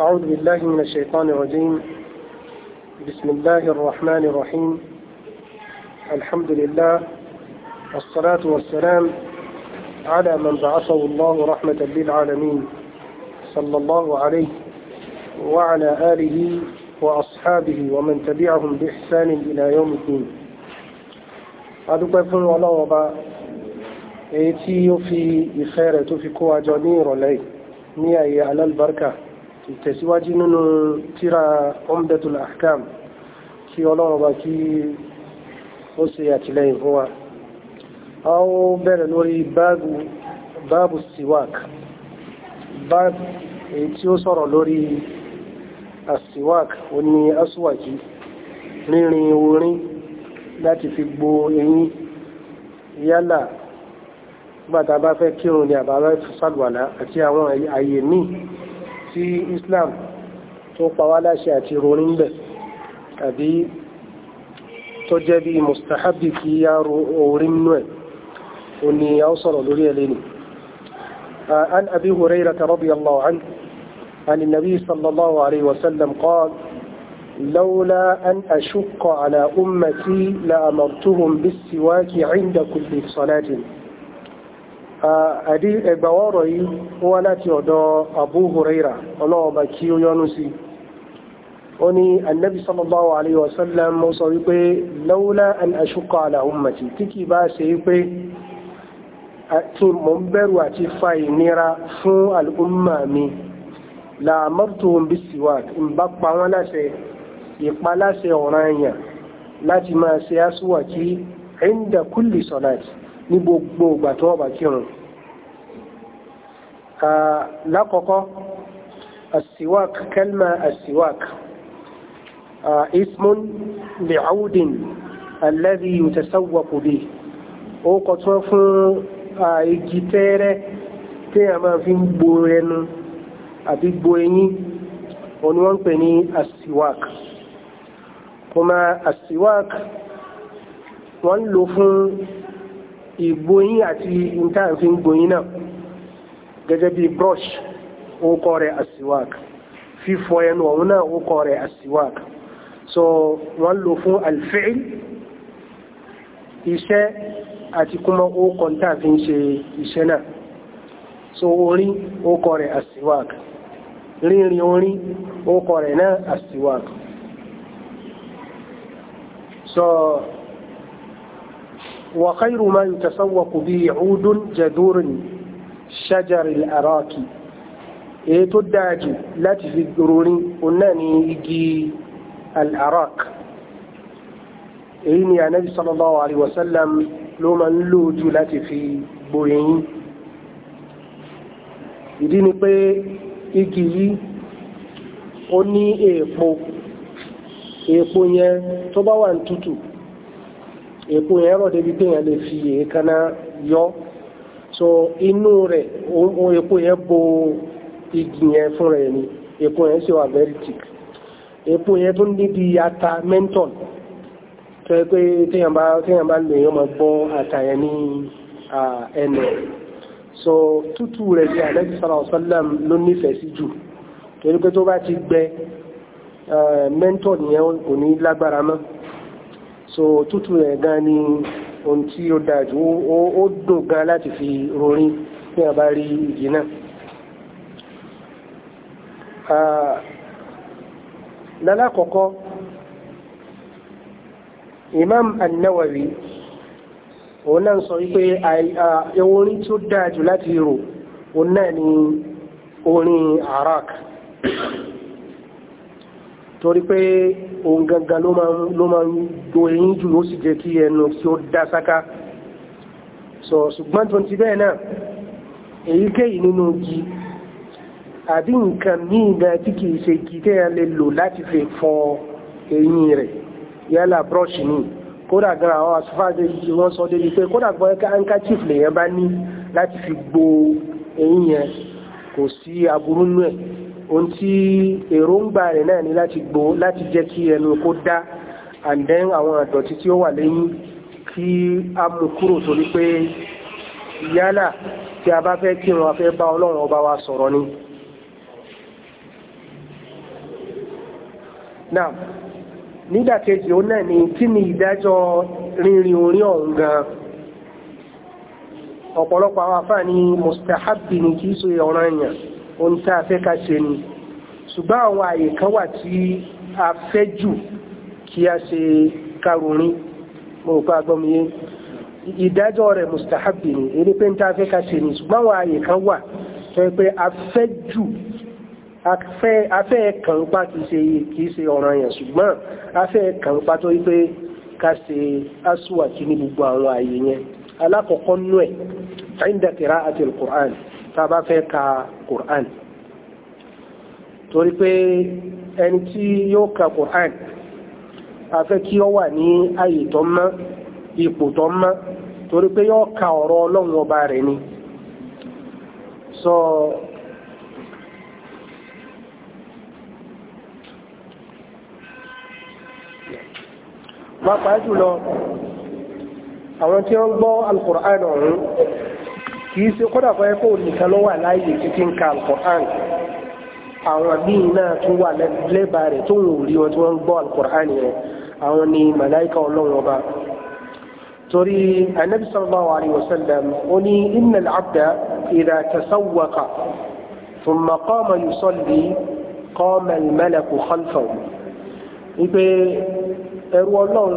أعوذ بالله من الشيطان الرجيم بسم الله الرحمن الرحيم الحمد لله والصلاة والسلام على من بعثه الله رحمة للعالمين صلى الله عليه وعلى آله وأصحابه ومن تبعهم بإحسان إلى يوم الدين أدوك فن الله وبا أيتي في إخيرة في كواجوني رولي نيا على البركة ìtẹ̀síwájú nínú tíra Umdatul Ahkam kí ọlọ́run bá kí ó ṣe àtìlẹ́yìn fún wa a ó bẹ̀rẹ̀ lórí báàbù siwak báàbù èyí tí ó sọ̀rọ̀ lórí asiwak ó ní aswaki rírin orin láti fi gbo eyín yálà gbàtà bá fẹ́ kírun ní àbáwẹ́ sàlùwàlá àti àwọn àyè míì tí Islam tó pàwà láṣẹ àti ronin bẹ̀ àbí tó jẹ́ bí mustahabi kí ya orin nú ẹ̀ o ni a ó sọ̀rọ̀ lórí ẹlẹ́ ni an abi hurairah radiyallahu anhu an nabi sallallahu alaihi wasallam qala لولا أن أشق على أمتي لأمرتهم بالسواك عند كل صلاة àdí ẹgbàwọ́rọ̀ yìí wá láti ọ̀dọ̀ Abu Huraira ọlọ́ọ̀bà kí ó yọ́nú sí ó ní annabi sallallahu alaihi wasallam mọ́ sọ wípé laula an ashqa ala ummati tí kì bá ṣe wípé tí mọ̀ ń bẹ̀rù àti fa ìnira fún al'umma mi la amartuhum bis-siwak in bá pa wọ́n láṣẹ ìpa láṣẹ ọ̀ranyàn láti máa ṣe aswaki inda kulli salati ní gbogbo ìgbà tó ọba kírun lákọ̀ọ́kọ́ asiwak kalma asiwak ismun li'audin alladhi yutasawwaqu bi ó kọ̀tọ́ fún igi tẹ́ẹ́rẹ́ tí a máa fi ń gbo ẹnu àbí gbo eyín òun wọ́n pè ní asiwak kuma asiwak wọ́n lò fún ìgboyín àti ìntàǹfin gboyín náà gẹ́gẹ́ bí brush ó kọ́ rẹ̀ asiwak fífọ ẹnu ọ̀hún náà ó kọ́ rẹ̀ asiwak so wọ́n lò fún alfi'il iṣẹ́ àti kúmọ́ ó kọ́ntà fi ń ṣe iṣẹ́ náà so orí ó kọ́ rẹ̀ asiwak rírin orí ó kọ́ rẹ̀ náà asiwak so وخير ما يتسوق به عود جذور شجر الأراكي èyí tó dáa jù láti fi rorin òun náà ni igi al-arak èyí ni ànábì sallallahu alaihi wasallam ló ma ń lò jù láti fi gbòyìn ìdí ni pé igi yìí ó ní èèpo èèpo yẹn tó bá wà ń tútù èpo yẹn rọ̀ débi pé yẹn lè fi èékánná yọ so inú rẹ̀ ohun èpo yẹn bo igi yẹn fúnra ẹ̀ ni èpo yẹn sì wà very thick èpo yẹn tún níbi ata menton tó yẹ pé téèyàn bá téèyàn bá lò yẹn máa gbọ́ ata yẹn ní ẹnu so tútù rẹ̀ ní alẹ́sì sọ́lá ọ̀sọ́lám ló nífẹ̀ẹ́ sí jù torí pé tó bá ti gbẹ menton yẹn kò ní lágbára náà so tútù rẹ̀ gan ni ohun tí ó dájú ó dùn gan láti fi rorin ní àbá rí igi náà lálákọ̀ọ́kọ́ imam annawawi òun náà sọ wípé orin tí ó dájú láti rò òun náà ni orin arak torí pé ohun gangan ló máa ń do eyín jù ó sì jẹ́ kí ẹnu tí ó dá sáká sọ ṣùgbọ́n tó ti bẹ́ẹ̀ náà èyíkéyìí nínú igi àbí nǹkan míì náà tí kìí ṣe igi tẹ́yà lè lò láti fi fọ eyín rẹ̀ yálà brọ́ṣì ni kódà gan àwọn asúfáàdé yìí wọ́n sọ débi pé kódà gan handkerchief lèyàn bá ní láti fi gbo eyín yẹn kò sí aburú nú ẹ̀ ohun tí èròǹgbà rẹ̀ náà ni láti gbó láti jẹ́ kí ẹnu kó dá and then àwọn àdọ̀tí tí ó wà lẹ́yìn kí a mú kúrò torí pé yálà tí a bá fẹ́ kírun a fẹ́ bá ọlọ́run ọba wa sọ̀rọ̀ ni náà nídàkejì ó náà ni kí ni ìdájọ́ rínrin orí ọ̀hún gan ọ̀pọ̀lọpọ̀ àwọn afáà ni mustahabbi ni kìí ṣe ọ̀ranyàn ohun tí a fẹ́ ká ṣe ni ṣùgbọ́n àwọn àyè kan wà tí a fẹ́ jù kí a ṣe karùn-ún pa agbọ́mìyé ìdájọ́ rẹ̀ mustahabi ni eré pé ń tá fẹ́ ká ṣe ni ṣùgbọ́n àwọn àyè kan wà tó pé a fẹ́ jù a fẹ́ kànpá kìí ṣe ọ̀ràn yẹn ṣùgbọ́n a fẹ́ kànpá tó wípé ká ṣe aṣùwàkí quran tá a bá fẹ́ ka Qur'an torí pé ẹni tí yóò ka Qur'an a fẹ́ kí ó wà ní ààyè tó mọ́ ipò tó mọ́ torí pé yóò ka ọ̀rọ̀ ọlọ́run ọba rẹ̀ ni so pàápàá jùlọ àwọn tí wọ́n gbọ́ al ọ̀hún kìí ṣe kódà fẹ́ kó nìkan ló wà láàyè títí ń ka alukur'an àwọn míì náà tún wà lẹ́bàá rẹ̀ tó ń rí wọn tí wọ́n ń gbọ́ alukur'an yẹn àwọn ni màláìka ọlọ́run ọba torí anabi sallallahu alayhi wa sallam ó ní inna al-abda idha tasawwaqa thumma yusalli qama al-malaku khalfahu wípé ẹrú ọlọ́run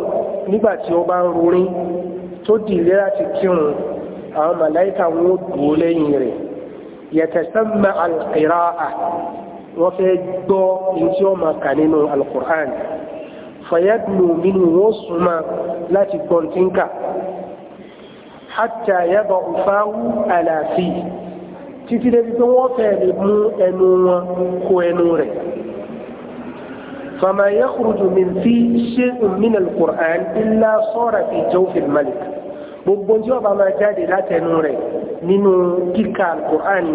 nígbà tí ó bá ń rorin tó dìlé láti kírun àwọn màláìka wọn dùn lẹ́yìn rẹ̀ yẹtẹsẹ́mà alqira'a wọ́n fẹ́ gbọ́ ìtí ó máa kà nínú alqur'an fayadnu minhu wọ́n súnmọ́ láti gbọ́ntínká hatta yaba ufawu alafi títí débi pé wọ́n fẹ́ lè mú ẹnu wọn kó ẹnu rẹ̀ fama yakhruju min fi shay'in min alqur'an illa sara fi jawfi almalik gbogbo tí ó bá máa jáde látẹnu rẹ̀ nínú kíkà alukur'an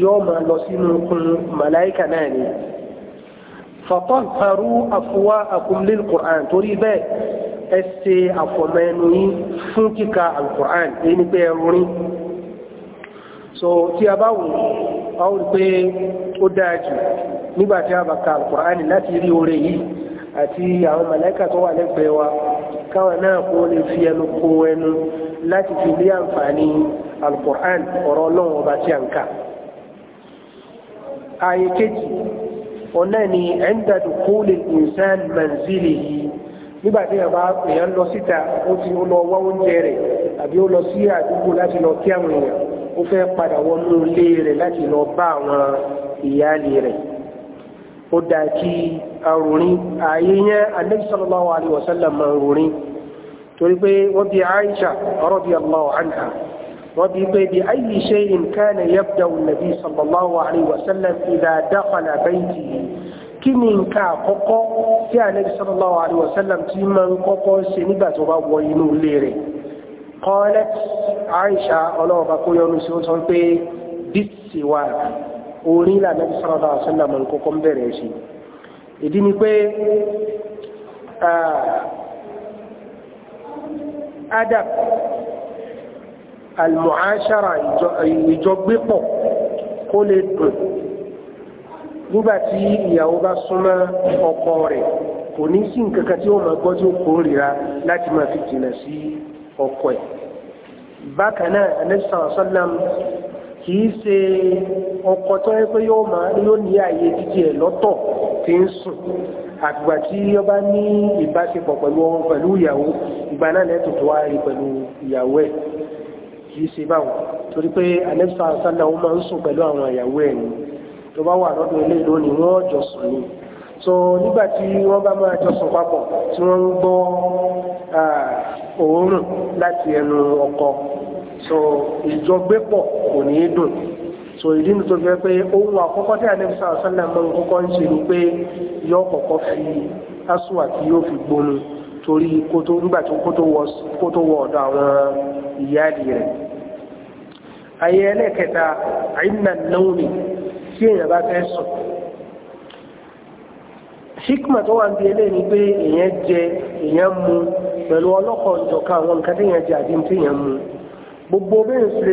yóò máa lọ sínú kun màláìkà náà ni fàtọ́fàrú àfúwá àkúnlé alukur'an torí bẹ́ẹ̀ ẹ ṣe àfọ̀mẹ́nu yín fún kíkà alukur'an èyí ni pé ẹ rúrin so tí a bá wù a ó pé ó dáa jù nígbà tí a bá ka alukur'an láti rí oore yìí àti àwọn màláìkà tó wà lẹ́gbẹ̀ẹ́ wa káwọn náà kó lè fi ẹnu kó ẹnu láti fi lé àǹfààní alukur'an ọ̀rọ̀ ọlọ́run ọba tí a ń kà. ààyè kejì ọ̀nà ni ẹ̀ńdà dùkúlì ìsán manzili yìí nígbà tí yàrá èèyàn lọ síta ó ti lọ wá oúnjẹ rẹ̀ àbí ó lọ sí àdúgbò láti lọ kí àwọn èèyàn ó fẹ́ padà wọnú ilé rẹ̀ láti lọ bá àwọn ìyáálé rẹ̀ ó dáa kí arùnrin ààyè yẹn Ànábì sallallahu alaihi wasallam máa rùnrin torí pé wọ́n bi Aisha radiyallahu anha wọ́n bi pé bi ayyi shay'in kana yabda'u an-nabi sallallahu alaihi wasallam idha dakhala baytihi kí ni nǹkan àkọ́kọ́ tí Ànábì sallallahu alaihi wasallam ti máa ń kọ́kọ́ ṣe nígbà tó bá wọ inú ilé rẹ̀ Aisha ọlọ́ọ̀bá kó yọnu sí ó sọ pé bíṣìwáàkì orí ìlànà sallallahu alaihi wasallam kọ́kọ́ ń bẹ̀rẹ̀ sí ìdí ni pé adab almuhashara ìjọgbépọ̀ kó lè dùn nígbàtí ìyàwó bá súnmọ́ ọkọ rẹ̀ kò ní sí nǹkankan tí ó máa gbọ́ tí ó kórìíra láti máa fi jìnnà sí ọkọ ẹ̀ bákan náà anẹ́sàn sọ́lám kì í ṣe ọkọ tó yẹ pé yóò máa yóò ní àyè jíjẹ ẹ lọ́tọ̀ tí ń sùn àgbà tí ó bá ní ìbáṣepọ̀ pẹ̀lú ọmọ pẹ̀lú ìyàwó ìgbà náà lẹ́tù tó wá pẹ̀lú ìyàwó ẹ̀ kì í ṣe báwọn torí pé anẹ́sà sálà ó máa ń sùn pẹ̀lú àwọn ìyàwó ẹ̀ ni tó bá wà lọ́dún ilé lónìí wọ́n jọ sùn ni so nígbà tí wọ́n bá máa jọ sùn papọ̀ tí wọ́n ń gbọ́ òórùn láti ẹnu ọkọ so ìjọgbépọ̀ kò ní dùn so ìdí mi tó fẹ́ pé ohun àkọ́kọ́ tí àdébí sáà sálẹ̀ mọ́ kọ́kọ́ ń ṣe ni pé yọ kọ́kọ́ fi asùn àti yóò fi gbónú torí kótó nígbà tó kótó wọ ọ̀dọ̀ àwọn ìyáàdì rẹ̀ ayé ẹlẹ́kẹta àìnà náwó tí èèyàn bá fẹ́ sùn hikma tó wà ń bi eléyìí ni pé èèyàn jẹ èèyàn mu pẹ̀lú ọlọ́kọ̀ọ́ ìjọka àwọn nǹkan tí èèyàn jẹ àti tí èèyàn mu gbogbo bẹ́ẹ̀ ṣe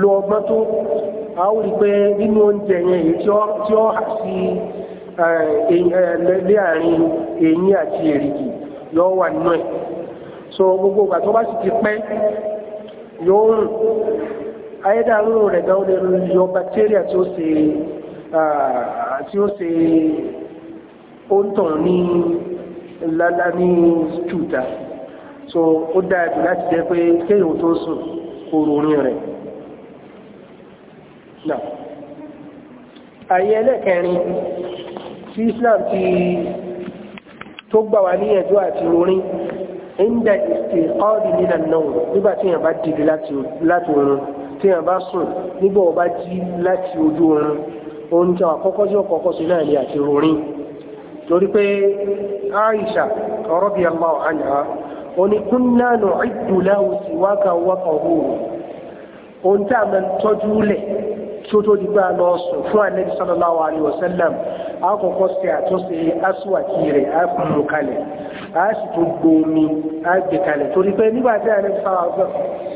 lo ọgbọ́n tó a ó rí pé nínú oúnjẹ yẹn èyí tí ó hà sí eh, eh, lé àárín eyín àti èrìgì yóò wà nínú ẹ̀ so gbogbo ìgbà tó bá sì ti pẹ́ yóò rùn ayédàrú rẹ̀ gan lè yọ bacteria tí ó ṣe ah, tí ó ṣe oúntàn ní lálá ní ṣùtà so ó dáa láti jẹ́ pé kéèyàn tó sùn òròrí rẹ àyè ẹlẹ́kẹrin tí Islam ti tó gbà wá ní àti orin inda istiqaali nínà náà nígbà tí èèyàn bá dìde láti orin tí èèyàn bá sùn nígbà ó jí láti ojú oorun ohun tí àwọn àkọ́kọ́ sí ọ̀kọ́kọ́ sí náà ni àti orin torí pé Aisha oni kúnná nù ìdùlá òsì wákà wákà òhùrù ohun tí a máa ń tọ́jú lẹ̀ tí ó tó di gbà lọ sùn fún ànábì sallallahu alaihi wasallam a kọ́kọ́ ṣe àtúnṣe aṣíwájú rẹ̀ a fi mú kalẹ̀ a sì tún gbomi a gbé kalẹ̀ torí pé nígbà tí ànábì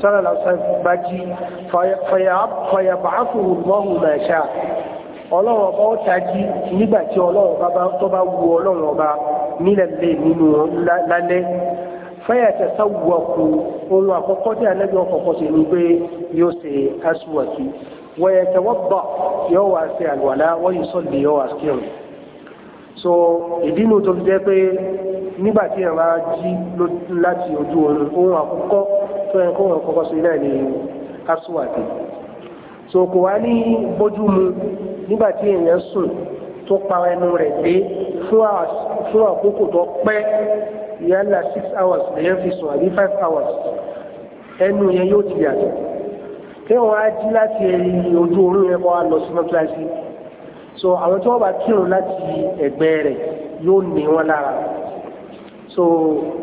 sallallahu bá jí fayabaafu Allahu ma sha ọlọ́run ọba ó tají nígbà tí ọlọ́run ọba tó bá wu ọlọ́run ọba nílẹ̀ lé nínú lálẹ́ fẹ́yàtẹ̀ sáwùwàkù ohun àkọ́kọ́ tí ànábì ọkọ̀kọ́ sí ní pé yóò ṣe aṣíwàkì wọ́yẹ̀tẹ̀ wọ́bọ̀ yóò wá sí àlùwàlá wọ́n yìí sọ́lì yóò wá sí ọ̀rọ̀ so ìdínú tó jẹ́ pé nígbà tí ẹ̀rọ jí láti ojú oorun ohun àkọ́kọ́ tó yẹ kóhun àkọ́kọ́ sí náà ní aṣíwàkì so kò wá ní bójú mu nígbà tí èèyàn sùn tó pa ẹnu rẹ̀ dé fún àkókò tó pẹ́ yálà six hours lèyàn fi sùn àbí five hours ẹnu yẹn yóò ti yàtọ̀ kí wọ́n á jí láti ojú oorun yẹn kọ́ á lọ sí mọ́tíláṣí so àwọn tí wọ́n bá kírun láti ẹ̀gbẹ́ rẹ̀ yóò ní wọn lára so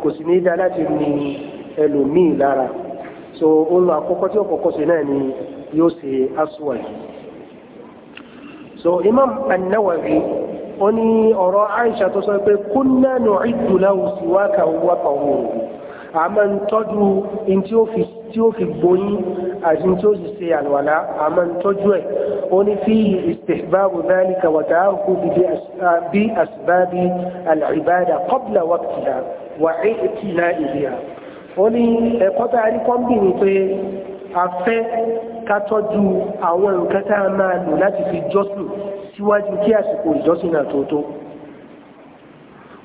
kò sì ní dá láti ní ẹlòmíì lára so ohun àkọ́kọ́ tí ọ̀kọ̀ọ̀kọ́ ṣe náà ni yóò ṣe aswad so Imam an ó ní ọ̀rọ̀ Aisha tó sọ pé kunna nu'iddu lahu siwaka wa tahuru a máa ń tọ́jú in tí ó fi gbóyín àti tí ó sì ṣe àlwàlá a máa ń tọ́jú ẹ̀ ó ní fihi istihbabu dhalika wa ta'arufu bi asbabi al-ibada qabla waqtiha wa i'tina'iha síwájú kí àsìkò ìjọsìn náà tó tó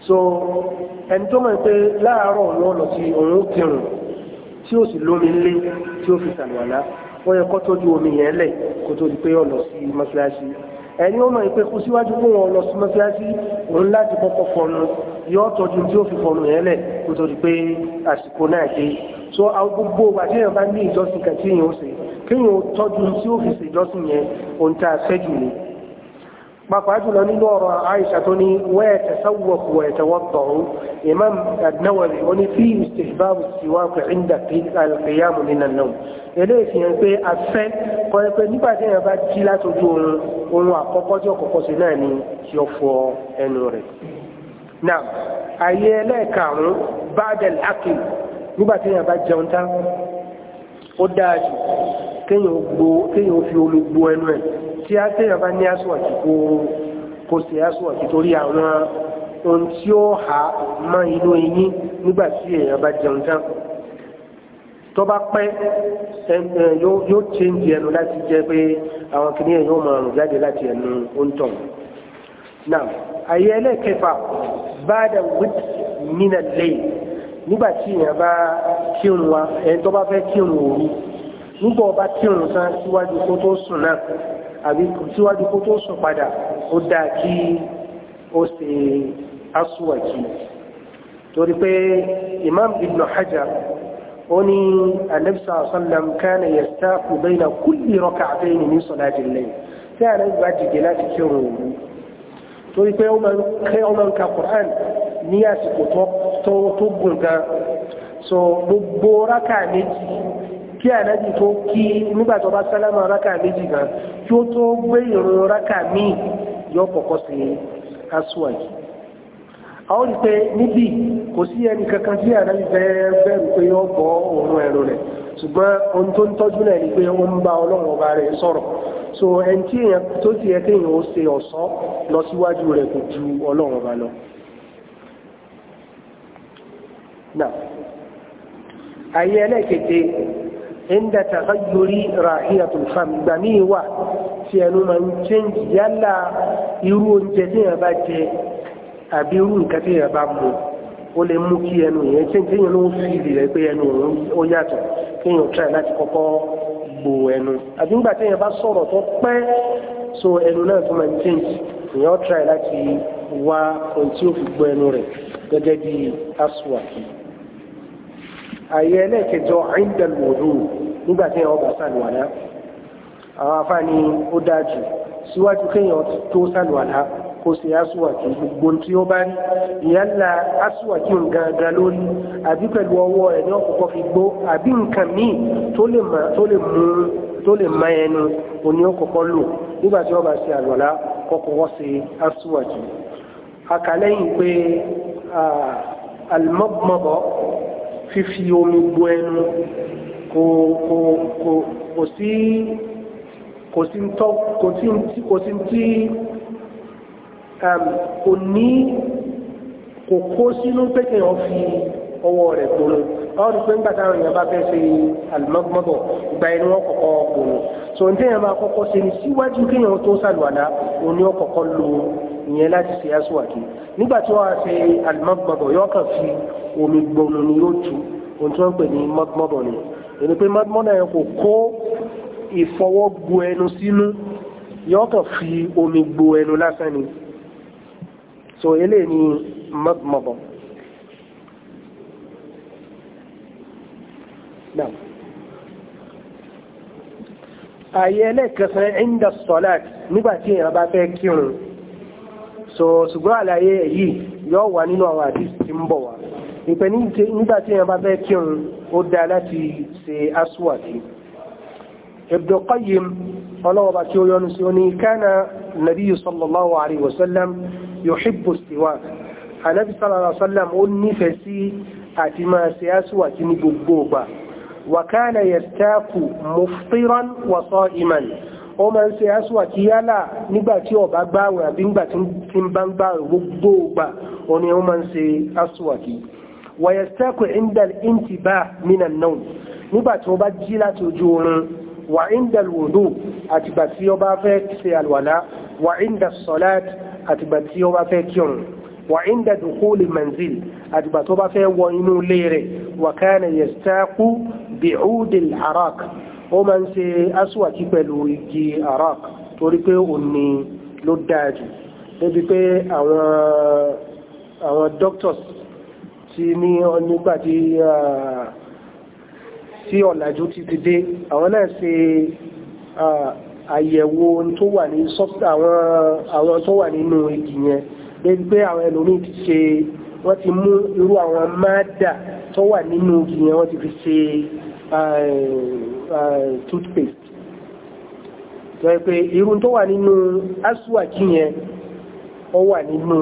so ẹni tó mọ̀ pé láàárọ̀ ló lọ sí òun kírun tí ó sì lómi lé tí ó fi sàlùwàlá ó yẹ kó tójú omi yẹn lẹ̀ kó tó di pé ó lọ sí mọ́ṣáláṣí ẹni ó mọ̀ pé kó síwájú fún wọn lọ sí mọ́ṣáláṣí òun láti kọ́kọ́ fọnu yọ tọ́jú tí ó fi fọnu yẹn lẹ̀ kó tó di pé àsìkò náà dé so àwọn gbogbo ìgbà tí èèyàn bá ní ìjọsìn kan tí èèyàn ó ṣe kéèyàn tọ́jú tí ó fi ṣèjọsìn yẹn ohun tá a fẹ́ jù ní pàápàá jùlọ nínú ọ̀rọ̀ Aisha tó ní wẹ́ẹ̀tẹ̀sáwọ̀kù wẹ́ẹ̀tẹ̀wọ́tọ̀rún Imam Ad-Nawawi ó ní fi istihbab as-siwak 'inda al-qiyam min an-nawm ilé ìfihàn pé afẹ́ kọ́ ẹ pé nígbà tí èèyàn bá jí látojú oorun ohun àkọ́kọ́ tí ọ̀kọ́kọ́ sí náà ni kí ó fọ ẹnu rẹ̀ náà ayé fi olú ẹnu ẹ̀ tí a tẹ̀yàn bá ní aṣọ́ọ̀kì kó kó ṣe aṣọ́ọ̀kì torí àwọn ohun tí ó há mọ́ inú eyín nígbà tí èèyàn bá jẹun tán tó bá pẹ́ yóò change ẹnu láti jẹ́ pé àwọn kìnìyàn yóò máa rùn jáde láti ẹnu oúntọ̀ náà ayé ẹlẹ́kẹfà bá dà wípé lẹ́yìn nígbà tí èèyàn bá kírun wa ẹni tó bá fẹ́ kírun òru nígbà ọba kírun tán síwájú kó tó sùn náà àbí síwájú kó tó sùn padà ó dáa kí ó ṣe aswaki torí pé imam ibn hajar ó ní anabisa asalam kánà yẹ sáàkù bẹ́ẹ̀nà kulli rak'atayn ní salati al-layl tí a náà bá jìgẹ̀ láti kírun so gbogbo rákà méjì kí ànábì tó kí nígbà tó bá sálámà rákà méjì gan kí ó tó gbé ìrun rákà míì yọ kọ́kọ́ sí aṣọ́àjì àwọn olùpẹ níbí kò sí ẹni kankan tí ànábì bẹ́ẹ̀ bẹ̀rù pé yọ bọ́ òun ẹ̀rọ rẹ̀ ṣùgbọ́n ohun tó ń tọ́jú náà ni pé ó ń bá ọlọ́run ọba rẹ̀ sọ̀rọ̀ so ẹni tí èèyàn tó ti yẹ kéèyàn ó ṣe ọ̀ṣọ́ lọ síwájú rẹ̀ kò ju ọlọ́run ọba lọ. àyè ẹlẹ́kẹ̀kẹ́ inda taghayyuri rahiyatul fam ìgbà míì wà tí ẹnu máa ń change yálà irú oúnjẹ tí èèyàn bá jẹ àbí irú nǹkan tí èèyàn ẹnu yẹn change tí èèyàn ló ẹnu òun ó yàtọ̀ kí èèyàn ẹnu gẹ́gẹ́ bí àyè ẹlẹ́ẹ̀kẹjọ indal wudu nígbà tí èèyàn bá sàlùwàlá àwọn afáàní ó dájú síwájú kéèyàn tó sàlùwàlá kó ṣe aṣùwàkì gbogbo tí ó bá rí ìyálà aṣùwàkì gangan lórí àbí pẹ̀lú ọwọ́ ẹ̀ ní ọ̀pọ̀pọ̀ fi gbó àbí nǹkan míì tó lè mú ẹnu òní ọ̀pọ̀pọ̀ lò nígbà tí wọ́n bá ṣe àlùwàlá kọ́kọ́ àkàlẹ́yìn pé ah, almọ́bmọ́bọ́ fífi omi gbo ẹnu kò kò kò kò sí kò sí tọ́ kò sí tí kò sí tí um, kò ní kò kó sínú pé kéèyàn ọwọ́ rẹ̀ gbóná wọ́n pé ń gbàtà àwọn bá fẹ́ ṣe àlùmọ́gbọ́bọ̀ ìgbà ẹni wọ́n kọ́kọ́ so ní téèyàn máa kọ́kọ́ ṣe ni síwájú kéèyàn tó sàlùwàlá òní ọkọ̀kọ́ lo ìyẹn láti ṣe aṣọ́wàkí nígbà tí wọ́n á ṣe alimọ́gbọ̀bọ̀ yóò kàn fi omi gbọ̀nù ni yóò tu ohun tí wọ́n ń pè ní mọ́gbọ̀bọ̀ ni èyí pé mọ́gbọ̀nà yẹn kò kó ìfọwọ́gbu ẹnu sínú yóò kàn fi omi gbo ẹnu lásán ni so eléyìí ni mọ́gbọ̀bọ̀. نعم آية لك عند الصلاة نباتين أبا فيكيون so ṣùgbọ́n àlàyé èyí yóò wà nínú àwọn àdìsí tí ń bọ̀ wá ìpẹ́ nígbà tí èèyàn bá fẹ́ kírun ó dá láti ṣe aswadi Ibn Qayyim ọlọ́wọ́ba tí ó yọnu sí oní kánà nabiyyu sallallahu wọ́n máa ń ṣe aṣọ́àkí yálà nígbà tí ọba gbààwẹ̀ àbí nígbà tí ń bá ń gbààwẹ̀ gbogbo ògbà wọn ni wọ́n máa ń ṣe aṣọ́àkí wàyẹ̀sẹ́kù indal intibah minan nawm nígbà tí wọ́n bá jí láti ojú oorun wà indal wudu àtìgbà tí fẹ́ ṣe àlùwàlá wà indal salat àtìgbà tí fẹ́ kírun wà inda dùkúlì manzil àtìgbà tó fẹ́ wọ inú ilé wà kánà ó máa ń ṣe aswaki pẹ̀lú igi arak torí pé òní ló dáa jù débi pé àwọn doctors ti ní nígbà tí tí ọ̀làjú ti ti dé àwọn náà ṣe àyẹ̀wò tó wà ní sọ́pítà àwọn tó wà nínú igi yẹn débi pé àwọn ẹlòmí ti ṣe wọ́n ti mú irú àwọn máàdà tó wà nínú igi yẹn wọ́n ti fi ṣe Eh, toothpaste tó yẹ pé irun tó wà nínú aswaki yẹn ó wà nínú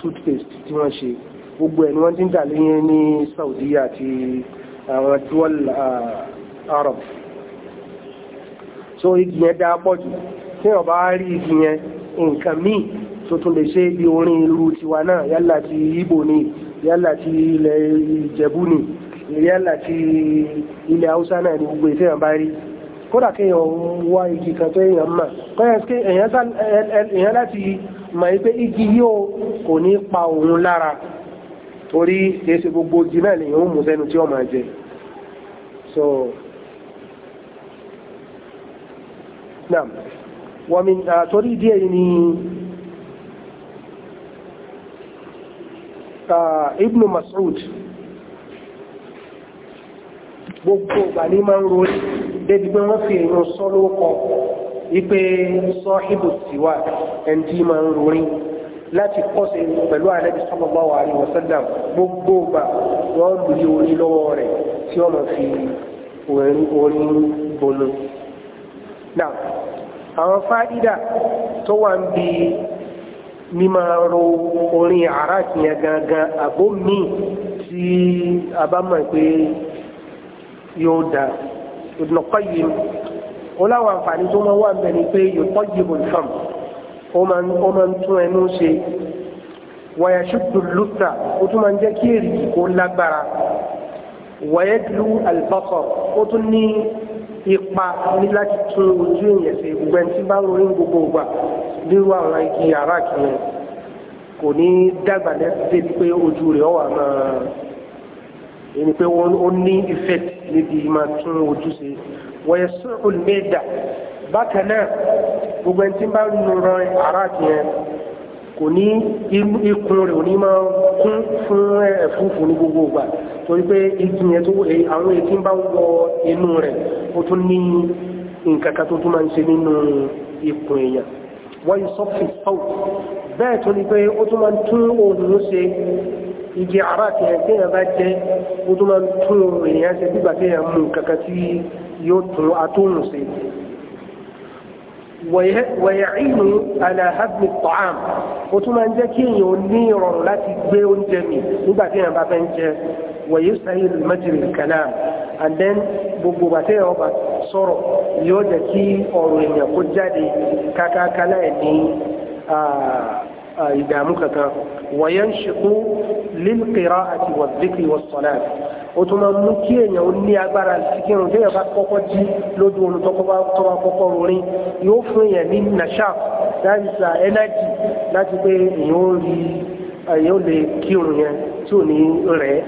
toothpaste tí wọ́n ṣe gbogbo ẹ̀ ni wọ́n ti ń dàlẹ́ yẹn ní Saudi àti àwọn dual ah, Arab so igi yẹn dá pọ̀ jù tí wọ́n bá rí igi yẹn nǹkan míì tó tún lè ṣe bí orin irú tiwa náà yálà ti Ìgbò ni yálà ti ilẹ̀ Ìjẹ̀bú ni yálà ti ilẹ̀ haúsá náà ni gbogbo ìfẹ́ bá rí kódà kí èèyàn wá igi kan tó èèyàn mà kọ́yà sí èèyàn láti mà pé igi yóò kò ní pa òun lára torí èsì gbogbo igi náà lèyàn ó mú sẹ́nu tí ó máa jẹ so naam wọ́n mi torí díẹ̀ ni Ibn Mas'ud gbogbo ìgbà ní máa ń rori débi pé wọ́n fi èèyàn sọ lóko wípé sọ́hìbù tiwa ẹni tí máa ń rori láti kọ́sẹ̀ pẹ̀lú ànábì sallallahu alaihi wasallam gbogbo ìgbà wọ́n ń lùlé orí lọ́wọ́ rẹ̀ tí wọ́n máa fi orí bonu. Now, àwọn fáídà tó wà ń bi mímọ̀ ro orin àràkìyàn gangan àbó míì tí a bá mọ̀ pé yóò da Ibn Qayyim ó láwọn àǹfààní tó máa wà ń bẹ ni pé yutayyibu al-fam ó máa ń tún ẹnu ṣe wa yashuddu al-lutha ó tún máa ń jẹ́ kí èrìgì kó lágbára wa yadlu al-basar ó tún ní ipa ní láti tún ojú èèyàn ṣe gbogbo ẹni tí bá ń ronú gbogbo ìgbà nírú àwọn igi yàrá kìíní kò ní dàgbà lẹ́sí débi pé ojú rẹ̀ ọ̀ wà máa ẹni pé ó ní effect níbi máa tún ojúṣe wọ́yẹ sọ́ọ̀lù mẹ́ẹ̀dà bákan náà gbogbo ẹni tí bá ń ran ara tiẹ̀ kò ní ikùn rẹ̀ ò ní máa kún fún ẹ̀fúùfù ní gbogbo ìgbà torí pé igi yẹn tó àwọn etí bá ń wọ inú rẹ̀ ó tún ní nǹkan kan tó tún máa ń ṣe nínú ikùn èèyàn wọ́n yìí sọ́fì sọ́ọ̀ bẹ́ẹ̀ tó ní pé ó tún máa ń tún òun ṣe igi àrà tẹ̀yẹ̀ tẹ̀yẹ̀ bá jẹ́ ó tó máa ń tún èèyàn ṣe nígbà tẹ̀yẹ̀ mú kankan tí yóò tún atóhùn ṣe wẹ̀yẹ̀ínú aláhàbí tọ́ám ó tún máa ń jẹ́ kí èèyàn ní ìrọ̀rùn láti gbé oúnjẹ mi nígbà tí èèyàn bá fẹ́ ń jẹ wẹ̀yẹ̀ sáyé lùmẹ́tìrì kàlá and then gbogbo bàtẹ́ ọba sọ̀rọ̀ yóò jẹ́ kí ọ̀rọ̀ èèyàn kó jáde kákákálá ẹ̀ ní ìdààmú kankan wọ̀nyẹn ṣekú lílkìrá àti wọ̀díkì wọ̀sọ̀lá ó tún máa mú kí èèyàn ó ní agbára ìsìnkírun tí èèyàn bá kọ́kọ́ jí lójú oorun tó bá kọ́kọ́ rorin yóò fún èèyàn ní nàṣà láti sa ẹnẹ́jì láti pé èèyàn ó rí èèyàn ó lè kírun yẹn tí ò ní rẹ̀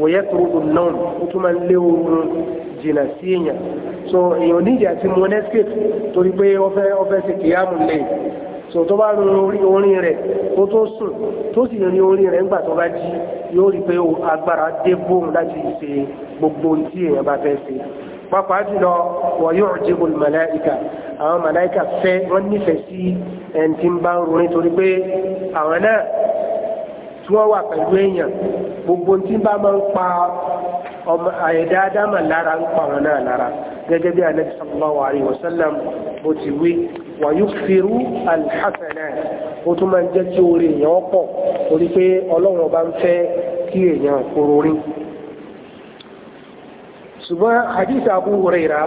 wòye tó o náà ó tún máa lé oorun jìnnà sí èèyàn so èèyàn nídìí àti monescape torí pé ó fẹ́ ó fẹ́ ṣe kìyàmù lẹ́yìn so tó bá rin orin rẹ̀ kó tó sùn tó sì rin orin rẹ̀ nígbà tó bá jí yóò rí pé agbára dé bóun láti ṣe gbogbo tí èèyàn bá fẹ́ ṣe pàápàá jùlọ wọ yóò jíbu màláìka àwọn màláìka fẹ́ wọ́n nífẹ̀ẹ́ sí ẹni tí ń bá ń ronú torí pé àwọn náà tí wọ́n wà pẹ̀lú èèyàn gbogbo tí ń bá máa ń pa ọmọ àyẹ̀dá dámà lára ń pa àwọn náà lára gẹ́gẹ́ bí alẹ́ sallallahu alayhi wa sallam bó ti wí wa yukfiru alhasanat ó tún máa ń jẹ́ kí orí èèyàn pọ̀ torí pé ọlọ́run ọba ń fẹ́ kí èèyàn kúrò rí ṣùgbọ́n hadith Abu Huraira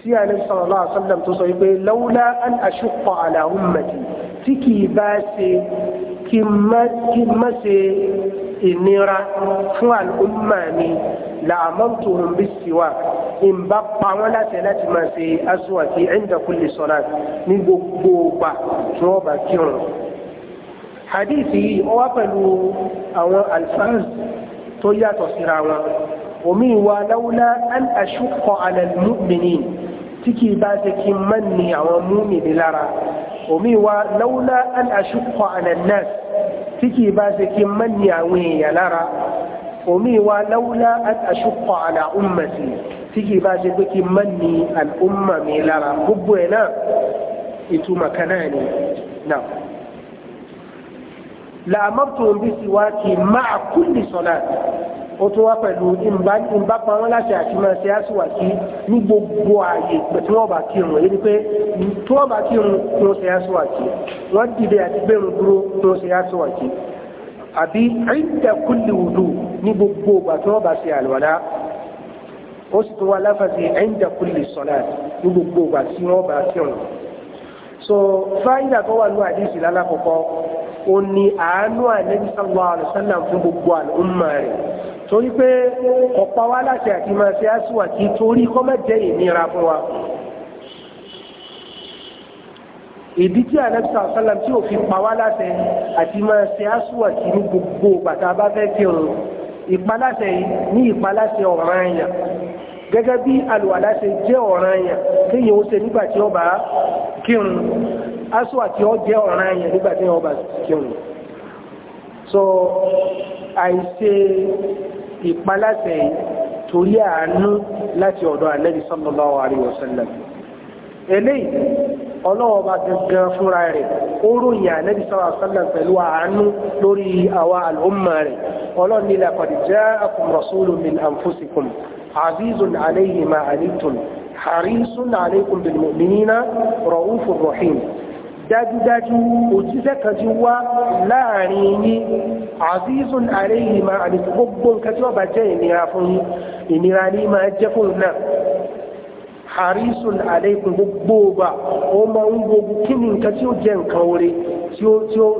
tí alẹ́ sallallahu alayhi tó sọ wípé lawla an ashqa ala ummati tí kì bá ṣe kí má ṣe ìnira fún àlùmọ́ mi làmọ́tò ń bí siwa ń bá pa wọ́n láti láti máa ṣe aṣọ́wàkí ẹ̀ńdà kulli salat ní gbogbo ọgbà tí wọ́n bá kírun. hadithi yìí ó wá pẹ̀lú àwọn alfaz tó yàtọ̀ síra wọn omi wa lawla an ashqa ala al tí kì bá ṣe kí mọ́ ni àwọn múmi lára omi laula an ashqa ala an-nas tiki ba se kin manya we ya lara omi laula an ashqa ala ummati tiki ba se pe kin manni al-umma mi lara gbogbo ẹ̀ náà ìtumọ̀ kan náà ni náà la amartu bi siwaki ma'a kulli salati ó tún wá pẹ̀lú ìbá pa wọn láṣẹ àti máa ṣe àṣùwà sí ní gbogbo ààyè tí wọ́n bá kírun èyí pé tí wọ́n bá kírun tí wọ́n ṣe àṣùwà sí wọ́n dìde àti gbẹ̀rún dúró tí wọ́n ṣe àṣùwà àbí inda kulli ní gbogbo ìgbà tí wọ́n bá ṣe àlùwàlá ó sì tún wá láfàṣe inda kulli ní gbogbo ìgbà tí wọ́n bá kírun so fáyidà tó wà ní àdìsí lálákọ̀ọ́kọ́ ó ní àánú ànábì sallallahu alaihi wasallam fún gbogbo àlùmọ̀ torí pé ọ̀pá wa láti àti máa ṣe aṣíwájú torí kọ́ má jẹ́ ìnira fún wa. ìdí tí anabisa asalam tí òfin pa wá láṣẹ àti máa ṣe aṣíwájú ní gbogbo bàtà bá fẹ́ kírun ìpaláṣẹ yìí ní ìpaláṣẹ ọ̀ràn àyàn gẹ́gẹ́ bí àlùwàlá ṣe jẹ́ ọ̀ràn àyàn kéèyàn ó ṣe nígbà tí ó bá kírun aṣíwájú ó jẹ́ ọ̀ràn àyàn nígbà tí ó kírun àìṣe ìpaláṣẹ torí àánú láti ọ̀dọ̀ Ànábì sallallahu alaihi wasallam eléyìí ọlọ́wọ́ bá gẹ́gẹ́ fúnra rẹ̀ ó ròyìn Ànábì sallallahu alaihi wasallam pẹ̀lú àánú lórí àwa al-umma rẹ̀ ọlọ́run ní laqad ja'akum rasulun min anfusikum azizun alayhi ma anittum harisun alaykum bil dájúdájú òjíṣẹ́ kan ti wá láàrin yín azizun alayhi ma àti gbogbo nǹkan tí wọ́n bá jẹ́ ìnira fún yín ìnira ní máa jẹ́ fún náà harisun alaykum gbogbo ọba ó máa ń gbogbo kí ni nǹkan tí ó jẹ́ nǹkan oore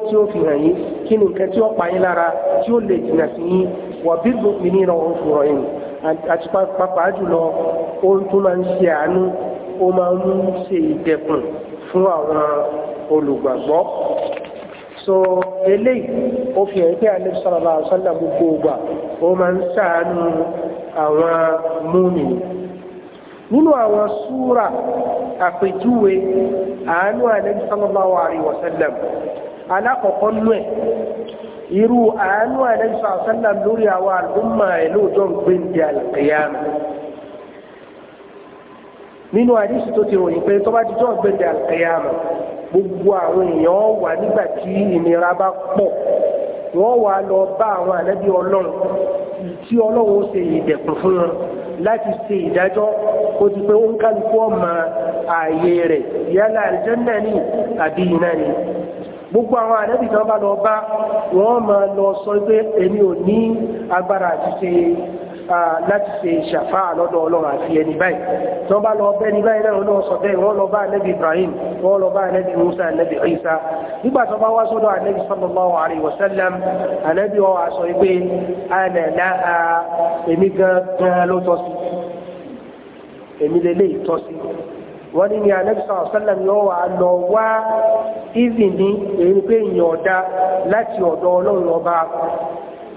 tí ó fi hàn yín kí ni nǹkan tí ó pa yín lára tí ó lè jìnà sí yín wà bí gbogbo ní ìran òun fòrò yìí àti pàápàá jùlọ ó tún máa ń ṣe àánú ó máa ń ṣe ìdẹ̀kùn fún àwọn olùgbàgbọ́ so eléyìí ó fi hàn pé alẹ́ sọ̀rọ̀ àṣọ́lá gbogbo ògbà ó máa ń ṣàánú àwọn múmi nínú àwọn súra àpèjúwe àánú alẹ́ sọ̀rọ̀ àríwọ̀sẹ́lẹ̀ alákọ̀ọ́kọ́ nú ẹ̀ irú àánú alẹ́ sọ̀rọ̀ àṣọ́lá lórí àwọn nínú àdìsí tó ti ròyìn pé tó bá ti tó ọ̀gbẹ́dẹ̀ àkẹyàmù gbogbo àwọn èèyàn wà nígbà tí ìnira bá pọ̀ wọ́n wà lọ bá àwọn ànábì ọlọ́run tí ọlọ́run ṣe ìdẹ̀kùn fún wọn láti ṣe ìdájọ́ ó ti pé ó ń kálukú ọmọ ààyè rẹ̀ yálà àlùjánnà ni àbí iná ni gbogbo àwọn ànábì kan bá lọ bá wọ́n máa lọ sọ pé èmi ò ní agbára àti ṣe láti ṣe ìṣàfá àlọ́dọ̀ ọlọ́run àti ẹni báyìí tó bá lọ bẹ́ni báyìí náà lọ sọ bẹ́ẹ̀ wọ́n lọ bá ànábì Ibrahim wọ́n lọ bá ànábì Musa ànábì Isa nígbà tó bá wá sọ́dọ̀ ànábì sallallahu alaihi wasallam ànábì ọ àṣọ ìgbé ànàlá èmi gan-an ló tọ́ sí èmi lélẹ́ ìtọ́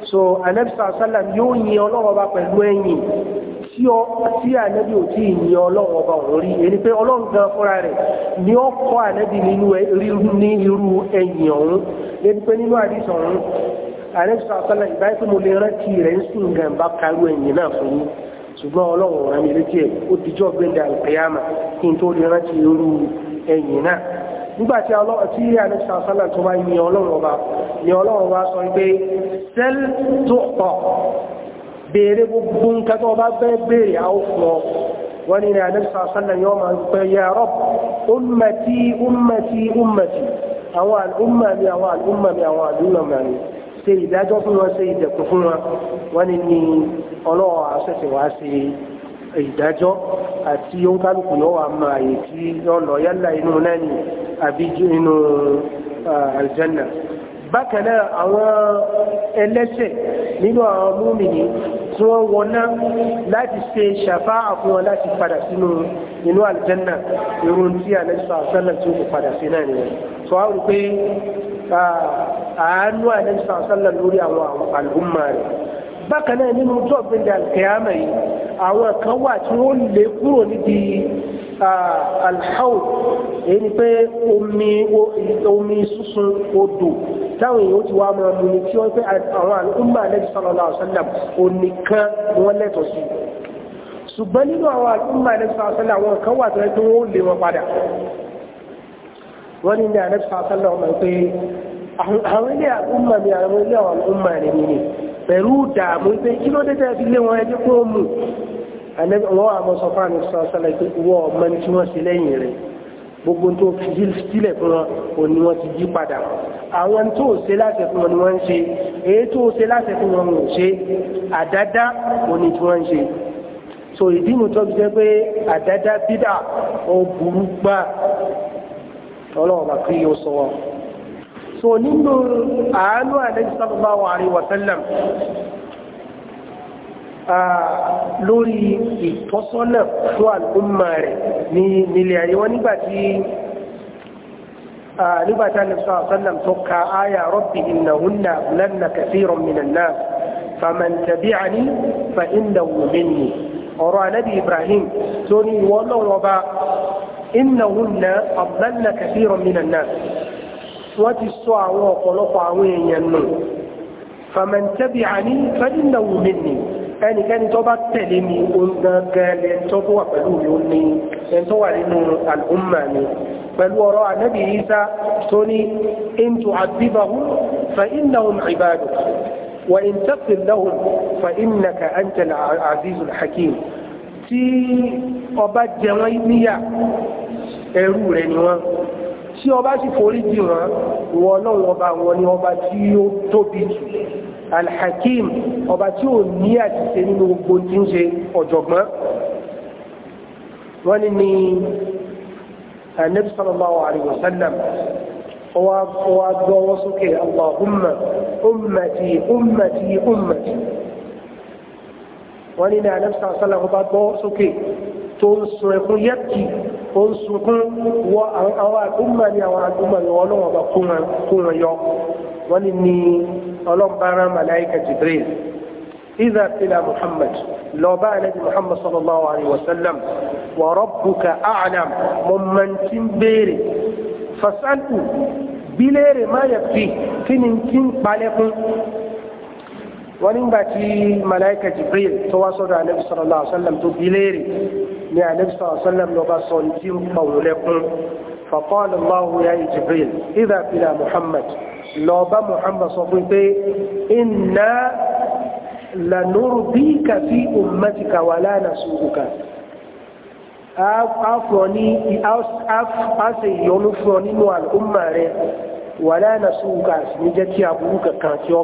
so anẹ́bísà sálà yóò yin ọlọ́run ọba pẹ̀lú ẹ̀yìn tí ọ tí ànẹ́bí ò tí ì yin ọlọ́run ọba òun rí èyí pé ọlọ́run fúnra rẹ̀ ni ó kọ́ ànẹ́bí nínú rírú ní irú ẹ̀yìn ọ̀hún èyí pé nínú àdìsọ̀ ọ̀hún ànẹ́bísà sálà ìbáyé pé mo lè rántí rẹ̀ ń sùn gan bá karú ẹ̀yìn náà fún yín ṣùgbọ́n ọlọ́run ọ̀rẹ́ mi létí ẹ̀ ó dijọ́ gbẹ̀ndẹ̀ àlùkìyàmà kí n tó lè rántí irú ẹ̀yìn náà nígbà tí àlẹ́sà sálà tó bá yin ọlọ́run ọba ni ọlọ́run ọba sọ pé sẹ́l tó pọ̀ béèrè gbogbo nǹkan tó bá bẹ́ẹ̀ béèrè àwọn fún ọ wọ́n ní àlẹ́sà sálà yóò máa pẹ́ yà rọ́b ummati ummati ummati àwọn àlùmọ̀ àwọn àlùmọ̀ àwọn àlùmọ̀ ìdájọ́ àti oníkálukú yóò wà máa àyè tí yóò lọ yálà inú náà ni àbí inú aljanna bákan náà àwọn ẹlẹ́ṣẹ̀ nínú àwọn múmìnì tí wọ́n wọná láti ṣe ṣàfá àfún wọn láti padà sínú inú aljanna irun tí àlẹ́sọ àṣálà tí ó kò padà sí náà nìyẹn tó á rò pé àánú àlẹ́sọ àṣálà lórí àwọn àlùmọ́ rẹ̀ bákan náà nínú jọ́gbìndà kìámà yìí àwọn kan wà tí wọ́n lè kúrò níbi alhaud èyí pé omi omi sísun odò táwọn èèyàn ti wá máa mú ni tí wọ́n pé àwọn àlùmọ́ àlẹ́bí sallallahu alaihi onìkan wọ́n lẹ́tọ̀ọ́ sí ṣùgbọ́n nínú àwọn àlùmọ́ àlẹ́bí sallallahu àwọn kan wà tó yẹ kí wọ́n lè wọn padà wọ́n ní ní àlẹ́bí sallallahu ọmọ pé àwọn ilé àlùmọ́ mi àwọn ilé àwọn rẹ̀ mi pẹ̀lú dààmú pé kí ló dé tẹ́ fi lé wọn ẹjẹ́ kó mú wọ́n àmọ́ sọ fún àmì sọ sọlẹ̀ pé wọ́n ọmọ tí wọ́n ṣe lẹ́yìn rẹ̀ gbogbo tó fi sílẹ̀ fún wọn ò ní wọ́n ti yí padà àwọn tó ṣe láti fún wọn ni wọ́n ń ṣe èyí tó ṣe láti fún wọn ò ṣe àdádá ò ní tí wọ́n ń ṣe so ìdí mi tó jẹ́ pé àdádá bídà ó burú gbà ọlọ́ọ̀bà kí yóò sọ wọn so nínú àánú ànábì sallallahu alaihi wa sallam ah, lórí ìtọ́sọ́nà fún àlùmọ̀ rẹ̀ ní nílé ayé wọn nígbàtí ah, nígbàtí ànábì sallallahu alaihi wa sallam tó ka áyà rabbi innahunna ablanna kathiran minan nas ọ̀rọ̀ ànábì ibrahim tó ní ìwọ́n lọ́wọ́ bá innahunna ablanna kathiran minan nas wọ́n ti sọ àwọn ọ̀pọ̀lọpọ̀ àwọn èèyàn nù faman tabi'ani fa innahu minni ẹnikẹ́ni tó bá tẹ̀lé mi òun gangan lẹ́ntọ́ tó wà pẹ̀lú mi ó ní lẹ́ntọ́ wà nínú al'umma mi pẹ̀lú ọ̀rọ̀ ànábì Ìsá tó ní in tu'adhibahum tí ọba sì forí jì wọ́n wọ́n náà ọba wọn ni ọba tí ó tóbi jù alhakim ọba tí ò ní àtìsẹ́ nínú gbogbo tí ń ṣe ọ̀jọ̀gbọ́n wọ́n ní ní anabi sallallahu alayhi wa sallam ọwá gbọ́wọ́ sókè allahumma ummati ummati ummati wọ́n ní ní anabi sallallahu alayhi gbọ́wọ́ sókè tó ń sun ẹkún yẹ́pì ó ń sunkún wọ àwọn àdúmà ní àwọn àdúmà ní ọlọ́wọ́n bá kún wọn yọ wọ́n ní ní ọlọ́mbàrá màláìka jibril ìdá sílá muhammad lọ́ba àlejò muhammad sallallahu alayhi wa sallam wa rabbuka a'lam mọ̀ mọ̀ntí béèrè fasaltu bíléèrè má yẹ fi kí ni kí n palẹ́kún nígbà tí màláìka jibril tó wá sọ́dọ̀ àlejò sallallahu alayhi wa sallam tó bíléèrè ní àlẹ́bíṣà ọ̀sánlẹ̀m lọ́ba sọ tí ń pa òun lẹ́kún فقال الله يا جبريل إذا إلى محمد لو با محمد صفوي بي إنا لنرضيك في أمتك ولا نسوءك afọni ase ìyọnu fún ọ nínú àlùmà rẹ wà lánà súnkà sí jẹ́ tí aburú kankan tí ó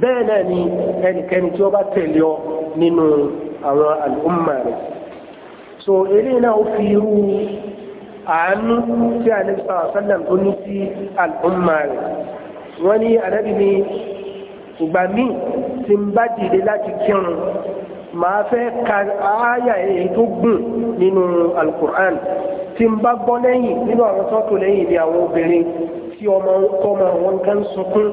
bẹ́ẹ̀ náà ni ẹnikẹ́ni tí ó bá tẹ̀lé ọ nínú àwọn al'umma rẹ̀ so eré náà ó fi irú àánú tí a ní sọ àṣálàm tó ní sí al'umma rẹ̀ wọ́n ní ànábì ni ìgbà míì tí ń bá dìde láti kírun màá fẹ́ ka ááyà èyí tó gùn nínú alukur'an tí ń bá gbọ́ lẹ́yìn nínú àwọn tọ́tò lẹ́yìn ni àwọn obìnrin tí ọmọ ọmọ wọn kan sọkún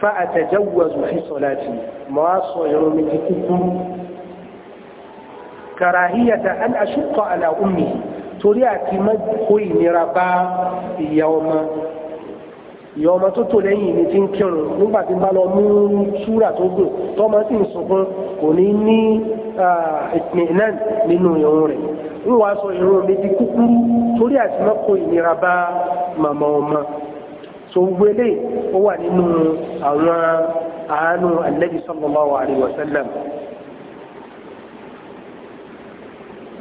fa àtẹ̀jẹ́wù àzùfí sọ̀láàtì màá sọ ìrun mi ti kúkúrú karahiyata an ashqa ala ummi torí àti má kó ìnira bá ìyá ọmọ ìyá ọmọ tó tò lẹ́yìn mi ti ń kírun nígbà tí bá lọ mú súrà tó gùn tọ́mọ sì ń sunkún kò ní ní ìpínlẹ̀ nínú ìrun rẹ̀ ń wàá sọ ìrun mi di kúkúrú torí àti má kó ìnira bá màmá ọmọ tó gbélé ó wà nínú àwọn àánú Ànábì sallallahu alaihi wasallam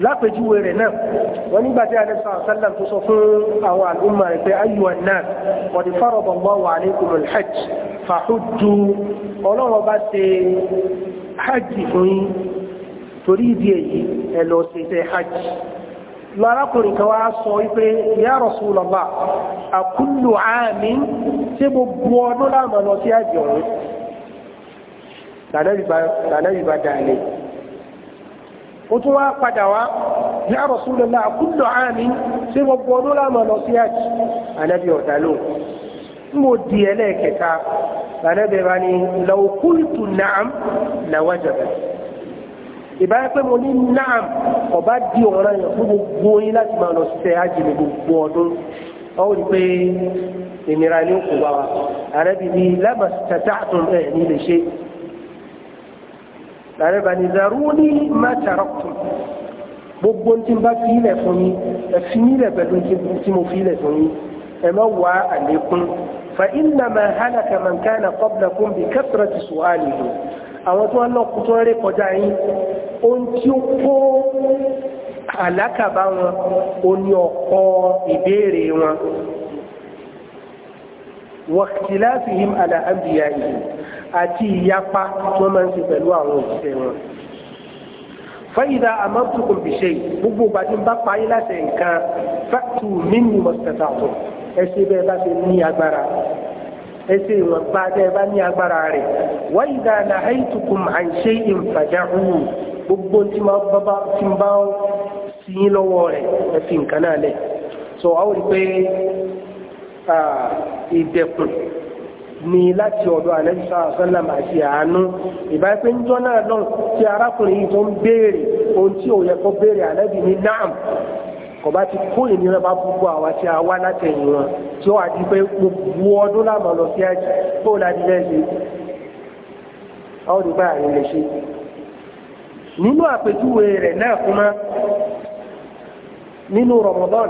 lápèjúwe rẹ̀ náà wọ́n nígbà tí alẹ́ sàn sálàm tó sọ fún àwọn àlùmọ̀ rẹ̀ pé ayò àná ọ̀dì fárọ̀bọ̀ mọ́ wà ní kùnú hajj fàhùdù ọlọ́run bá ṣe hajj fún yín torí ìdí èyí ẹ lọ ṣe ṣe hajj lárakùnrin kan wá sọ wípé ya Rasulullah àkúlù àmì tí gbogbo ọdún láàmà lọ sí hajj lànà ìbá ó tún wá padà wá ya Rasulullah kullu àmì ṣé gbogbo ọdún láàmà lọ sí àjì ànábì ọ̀dà ló ń mo di ẹlẹ́ẹ̀kẹta ànábì bá ní law qultu na'am la wajabat ìbáyé pé mo ní na'am ọba di ọ̀ràn yẹn fún gbogbo yín láti máa lọ sí àjì ní gbogbo ọdún ọwọ́ ni pé ìnira ni ó kò bá wa ànábì ní lámà tàtà ní ilé ṣe làárẹ̀ bá ní zaruni ma taraktum gbogbo tí n bá fi ilẹ̀ fún yín ẹ fi ilẹ̀ pẹ̀lú tí mo fi ilẹ̀ fún yín ẹ má wá àlékún fa innama halaka man kana qablakum bi kathrati su'alihi àwọn tí wọ́n lọ kú tó rẹ̀ kọjá yín ohun tí ó kó àlákàbá wọn ó ní ọ̀pọ̀ ìbéèrè wọn wàkìláfihìm àlà àbíyá yìí àti ìyapa tí wọ́n máa ń ṣe pẹ̀lú àwọn òṣìṣẹ́ wọn. fẹ́yìdá àmọ́tòkùn bìṣẹ́ gbogbo ìbàdí bá parí láti nǹkan fẹ́tù mímú mọ̀tẹ́tà tó ẹ ṣe bẹ́ẹ̀ bá ṣe ní agbára ẹ ṣe ìwọ̀nba bẹ́ẹ̀ bá ní agbára rẹ̀ wáyìdá nàhẹ́yìtùkùn àǹṣe ìfàjà hù gbogbo tí ń bá sí lọ́wọ́ rẹ̀ ẹ fi nǹkan náà lẹ̀ so àwọn rí pé ìdẹ̀kùn ni láti ọ̀dọ̀ àlẹ́sà sọ́làm àti àánú ìbáyẹ̀pẹ́ ń jọ́ náà lọ́n tí arákùnrin yìí tó ń béèrè ohun tí òun yẹ kó béèrè àlẹ́bì ní náàm kò bá ti kó ìnira bá gbogbo àwa tí a wá látẹ̀yìn wọn tí ó wà di pé gbogbo ọdún láàmú lọ sí àjì tó láti lẹ́sẹ̀ àwọn olùgbà àrùn lè ṣe nínú àpèjúwe rẹ̀ náà kúmá nínú Ramadan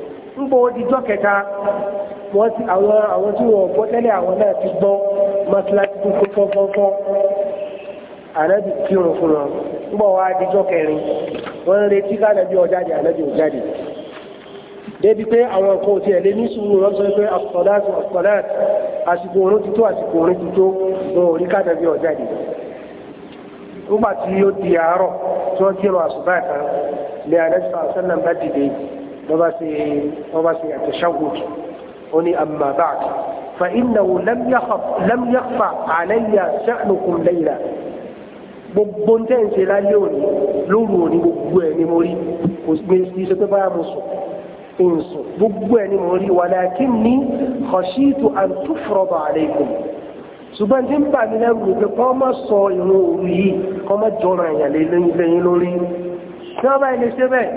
ń bọ̀ òdìjọ́ kẹta wọ́n ti àwọn àwọn tí wọ́n gbọ́ tẹ́lẹ̀ àwọn náà ti gbọ́ mọ́síláṣí tó kó fọ́fọ́fọ́ ànábì kírun fún wọn ń bọ̀ wá àdìjọ́ kẹrin wọ́n ń retí káàdàbí ọ̀jáde ànábì ọ̀jáde débi pé àwọn nǹkan òtí ẹ̀lé ní sùúrù wọ́n sọ pé àsọ̀láàtì àsọ̀láàtì àsìkò òrùn ti tó àsìkò òrùn ti tó wọn ò rí kádàbí ọ̀jáde nígbà tí ó di àárọ̀ tí wọ́n kírun àsùbá ìkan ní وباسي التشهد أني أما بعد فإنه لم يخف لم يخفى علي شأنكم ليلة gbogbo ń tẹ́ǹsẹ̀ lálẹ́ òní lóru òní gbogbo ẹ̀ ni mo rí kò sí ṣe pé báyà mo sùn ń sùn gbogbo ẹ̀ ni mo rí walakinni khashitu an tufrada alaykum ṣùgbọ́n tí ń bà mí lẹ́rù pé kọ́ má sọ ìrun òru yìí kọ́ má jọra ẹ̀yàn lẹ́yìn lórí tí wọ́n bá ẹni ṣe bẹ́ẹ̀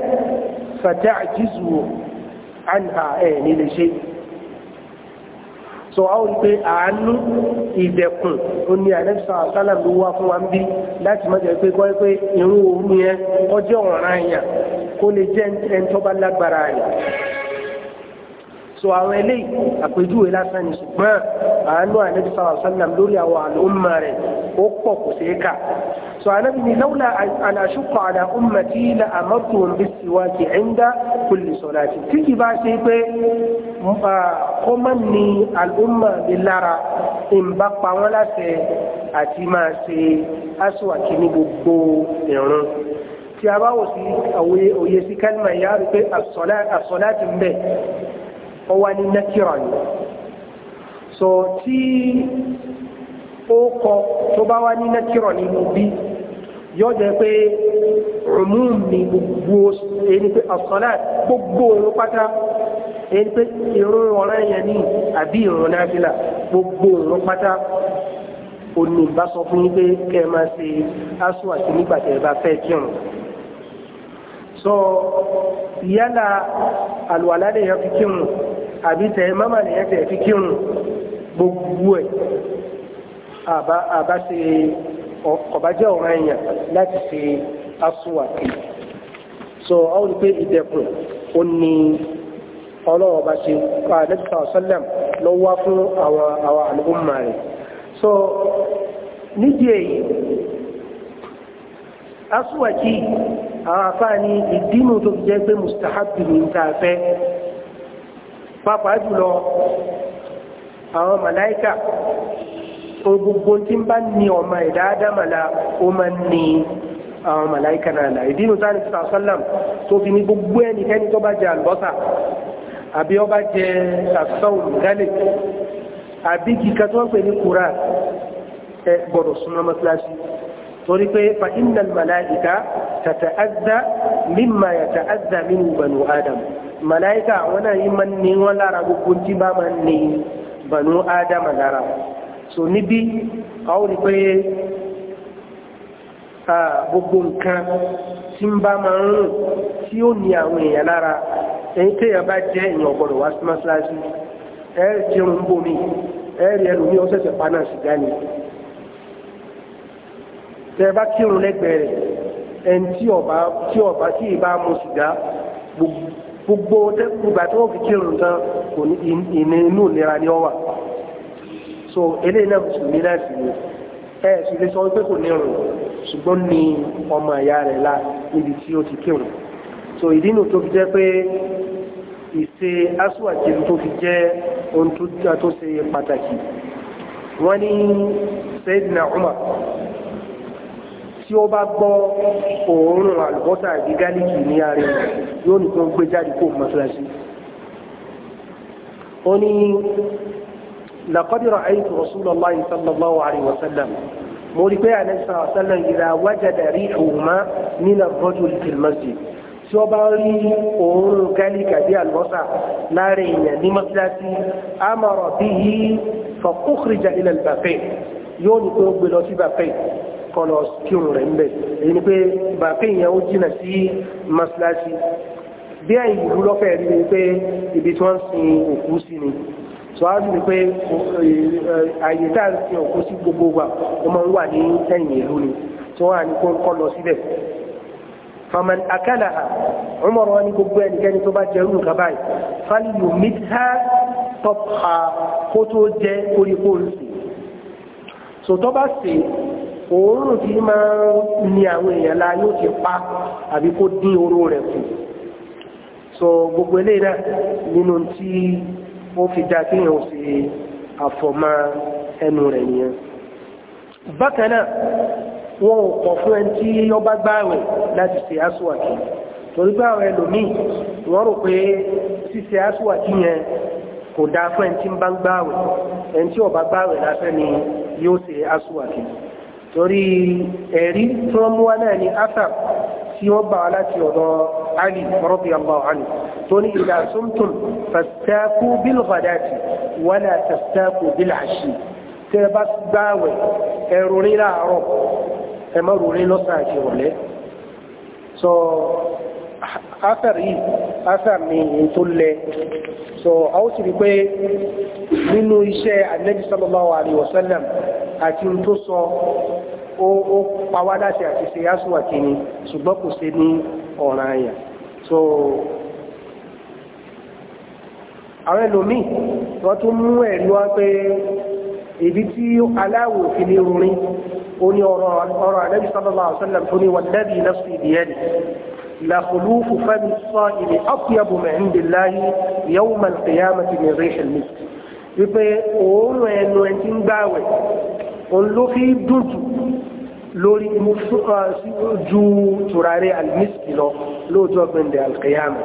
fata'jizu jisuo ẹ̀ nílé ṣe so a ó a pé àánú ìdẹ̀kùn ó ní àlẹ́sà sálàm ló wá fún wa ń bí láti má pé kọ́ pé irú òun yẹn ọjọ́ ọ̀ràn yẹn kó lè jẹ́ ẹni so àwọn eléyìí àpèjúwe lásán ni ṣùgbọ́n àánú ànábi sàlá sàlám lórí àwọn àlùmọ rẹ̀ ó pọ̀ kò ṣeé kà so ànábi ni lawla an ashqa ala ummati la amartuhum bis-siwak inda kulli salati tí kì bá ṣe pé kọ́mọ ni àlùmọ mi lára ìmbá pa wọ́n láṣẹ àti máa ṣe aṣọ́wàkí ní gbogbo ìrun tí a bá wò sí òye sí kálmà yá rí pé àsọ̀láti ń bẹ ó wá ní nẹ́kírà ni so tí ó kọ tó bá wá ní nẹ́kírà nínú bí yóò jẹ́ pé umum ni gbogbo ẹni pé àsọlá gbogbo òun pátá ẹni pé ìrun ọ̀rẹ́ yẹn ní àbí ìrun náfìlà gbogbo òun pátá òní bá sọ fún yín pé kẹ́ ẹ máa ṣe aṣọ àti nígbà tẹ́ ẹ bá fẹ́ kírun so yálà àlùwàlá lè yẹn fi kírun àbí tẹ̀ mọ́mà lè yẹn tẹ̀ fi kírun gbogbo ẹ̀ àbá ṣe ọ̀bájẹ́ ọ̀rọ̀ láti ṣe asúwàkì so ọ́n rí pé ìdẹ̀kùn ó ní ọlọ́wọ́ bá ṣe pa nípa ọ̀sọ́lẹ̀m ló wá fún àwọn àwọn àlùmọ̀ so nídìí èyí aswaki àwọn afáà ní ìdínú tó fi jẹ́ pé mustahabi ní ìtafẹ́ pàápàá jùlọ àwọn màláíkà gbogbo tí ń bá ní ọmọ ẹ̀dá ádámàlà ó máa ń ní àwọn màláíkà náà náà ìdínú tá ní sàṣálàm tó fi ní gbogbo ẹnikẹ́ni tó bá jẹ àlùbọ́sà àbí ọba jẹ sàṣọ́ùn gálẹ̀ àbí kíkà tó wọ́n pè ní kúrà ẹ gbọ́dọ̀ súnmọ́ mọ́síláṣí torí pé fa inna màláìka tàtà àdá mímà yàtà àdá nínú banu adam màláìka àwọn náà yìí máa ń ní wọn lára gbogbo tí bá máa ń ní banu adam lára so níbí àwọn ni pé gbogbo nǹkan tí ń bá máa ń rùn tí ó ní àwọn èèyàn lára ẹni téèyàn bá jẹ́ èèyàn ọ̀gbọ̀dọ̀ wá sí mọ́ṣáláṣí ẹ̀ẹ́rì tí ó ń bomi ẹ̀ẹ́rì ẹlòmíì ó ṣẹ̀ṣẹ̀ tẹ bá kírun lẹ́gbẹ̀ẹ́ rẹ̀ ẹni tí ọba tí ọba tí ì bá mu sìgá gbogbo gbogbo àti wọn fi kírun tán kò ní inú ìlera ni ọ wà so eléyìí náà mùsùlùmí náà sì ni ẹ sì lè sọ pé kò ní rùn ṣùgbọ́n ní ọmọ ìyá rẹ̀ la níbi tí ó ti kírun so ìdí nù tó fi jẹ́ pé ìṣe aṣíwájú tó fi jẹ́ ohun tó ṣe pàtàkì wọ́n ní Sayyidina Umar tí ó bá gbọ́ òórùn àlùbọ́sà àti gálíkì ní ààrẹ rẹ̀ yóò ní kí wọ́n gbé jáde kó mọ́ṣáláṣí. ó ní làkọ́dìrọ̀ àyíkú Rasulullahi sallallahu alaihi wasallam mo rí pé àlẹ́sà ọ̀sálàm ìlà wájàdà rí òmá nínà rọ́jò ìfìlmọ́sì tí ó bá rí òórùn gálíkì àti àlùbọ́sà láàrin èèyàn ní mọ́ṣáláṣí amara bihi fa ukhrija ila al-baqi yóò ní kí gbé lọ sí bàfẹ́ kọlọ kírun rẹ̀ ń bẹ̀ èyí ni pé bàbá èèyàn ó jìnà sí mọ́ṣáláṣí bí ẹ̀yìn ìlú lọ́fẹ̀ẹ́ rí ni pé ibi tí wọ́n ń sin òkú sí ni sọ́wọ́n ni pé àyè tá à ń sin òkú sí gbogbo wa ó máa ń wà ní ẹ̀yìn ìlú ni tí wọ́n ní kó kọ́ lọ síbẹ̀ faman akalaha umar wani gbogbo ẹnikẹ́ni tó bá jẹ irú nǹkan báyìí faliyu mitha tọpa kó tó jẹ koríko nsì so tó bá sè òórùn ti máa ń ní àwọn èèyàn la yóò ti pa àbí kó dín oró rẹ̀ so gbogbo eléyìí náà nínú tí ó fi dá kí èèyàn ṣe àfọ̀mọ́ ẹnu rẹ̀ nìyẹn bákan náà wọn ò fún ẹni tí ọba gbáwẹ̀ láti ṣe aṣọ́wàkì torí gbáwẹ̀ lòmíì wọ́n rò pé ṣíṣe aṣọ́wàkì yẹn kò dáa fún tí ń bá tí ọba ni yóò ṣe torí ẹ̀rí tí wọ́n mú wá náà ni asap tí wọ́n bá wa láti ọ̀dọ̀ ali radiyallahu anhu tó ní idha sumtum fastaku bil ghadati wala tastaku bil ashi tẹ́ bá gbáwẹ̀ ẹ̀rù rí láàárọ̀ ẹ má rí lọ́sàn àti ìrọ̀lẹ́ so asar yìí asar ni n tó lẹ so a ó sì rí pé nínú iṣẹ́ anabi sallallahu alayhi àti ohun tó sọ ó pawádáṣe àti ṣe yásùwà kìíní ṣùgbọ́n kò ṣe ní ọ̀ràn àyà so àwọn ẹlòmíì wọ́n tún mú ẹ̀rí wá pé ibi tí aláwò fi lè rúrin ó ní ọ̀rọ̀ ànábì sallallahu òun ló fi dùn jù lórí uh, ju tùràrí almiski lọ lóòjọ́ gbẹ̀ndẹ̀ alkiyama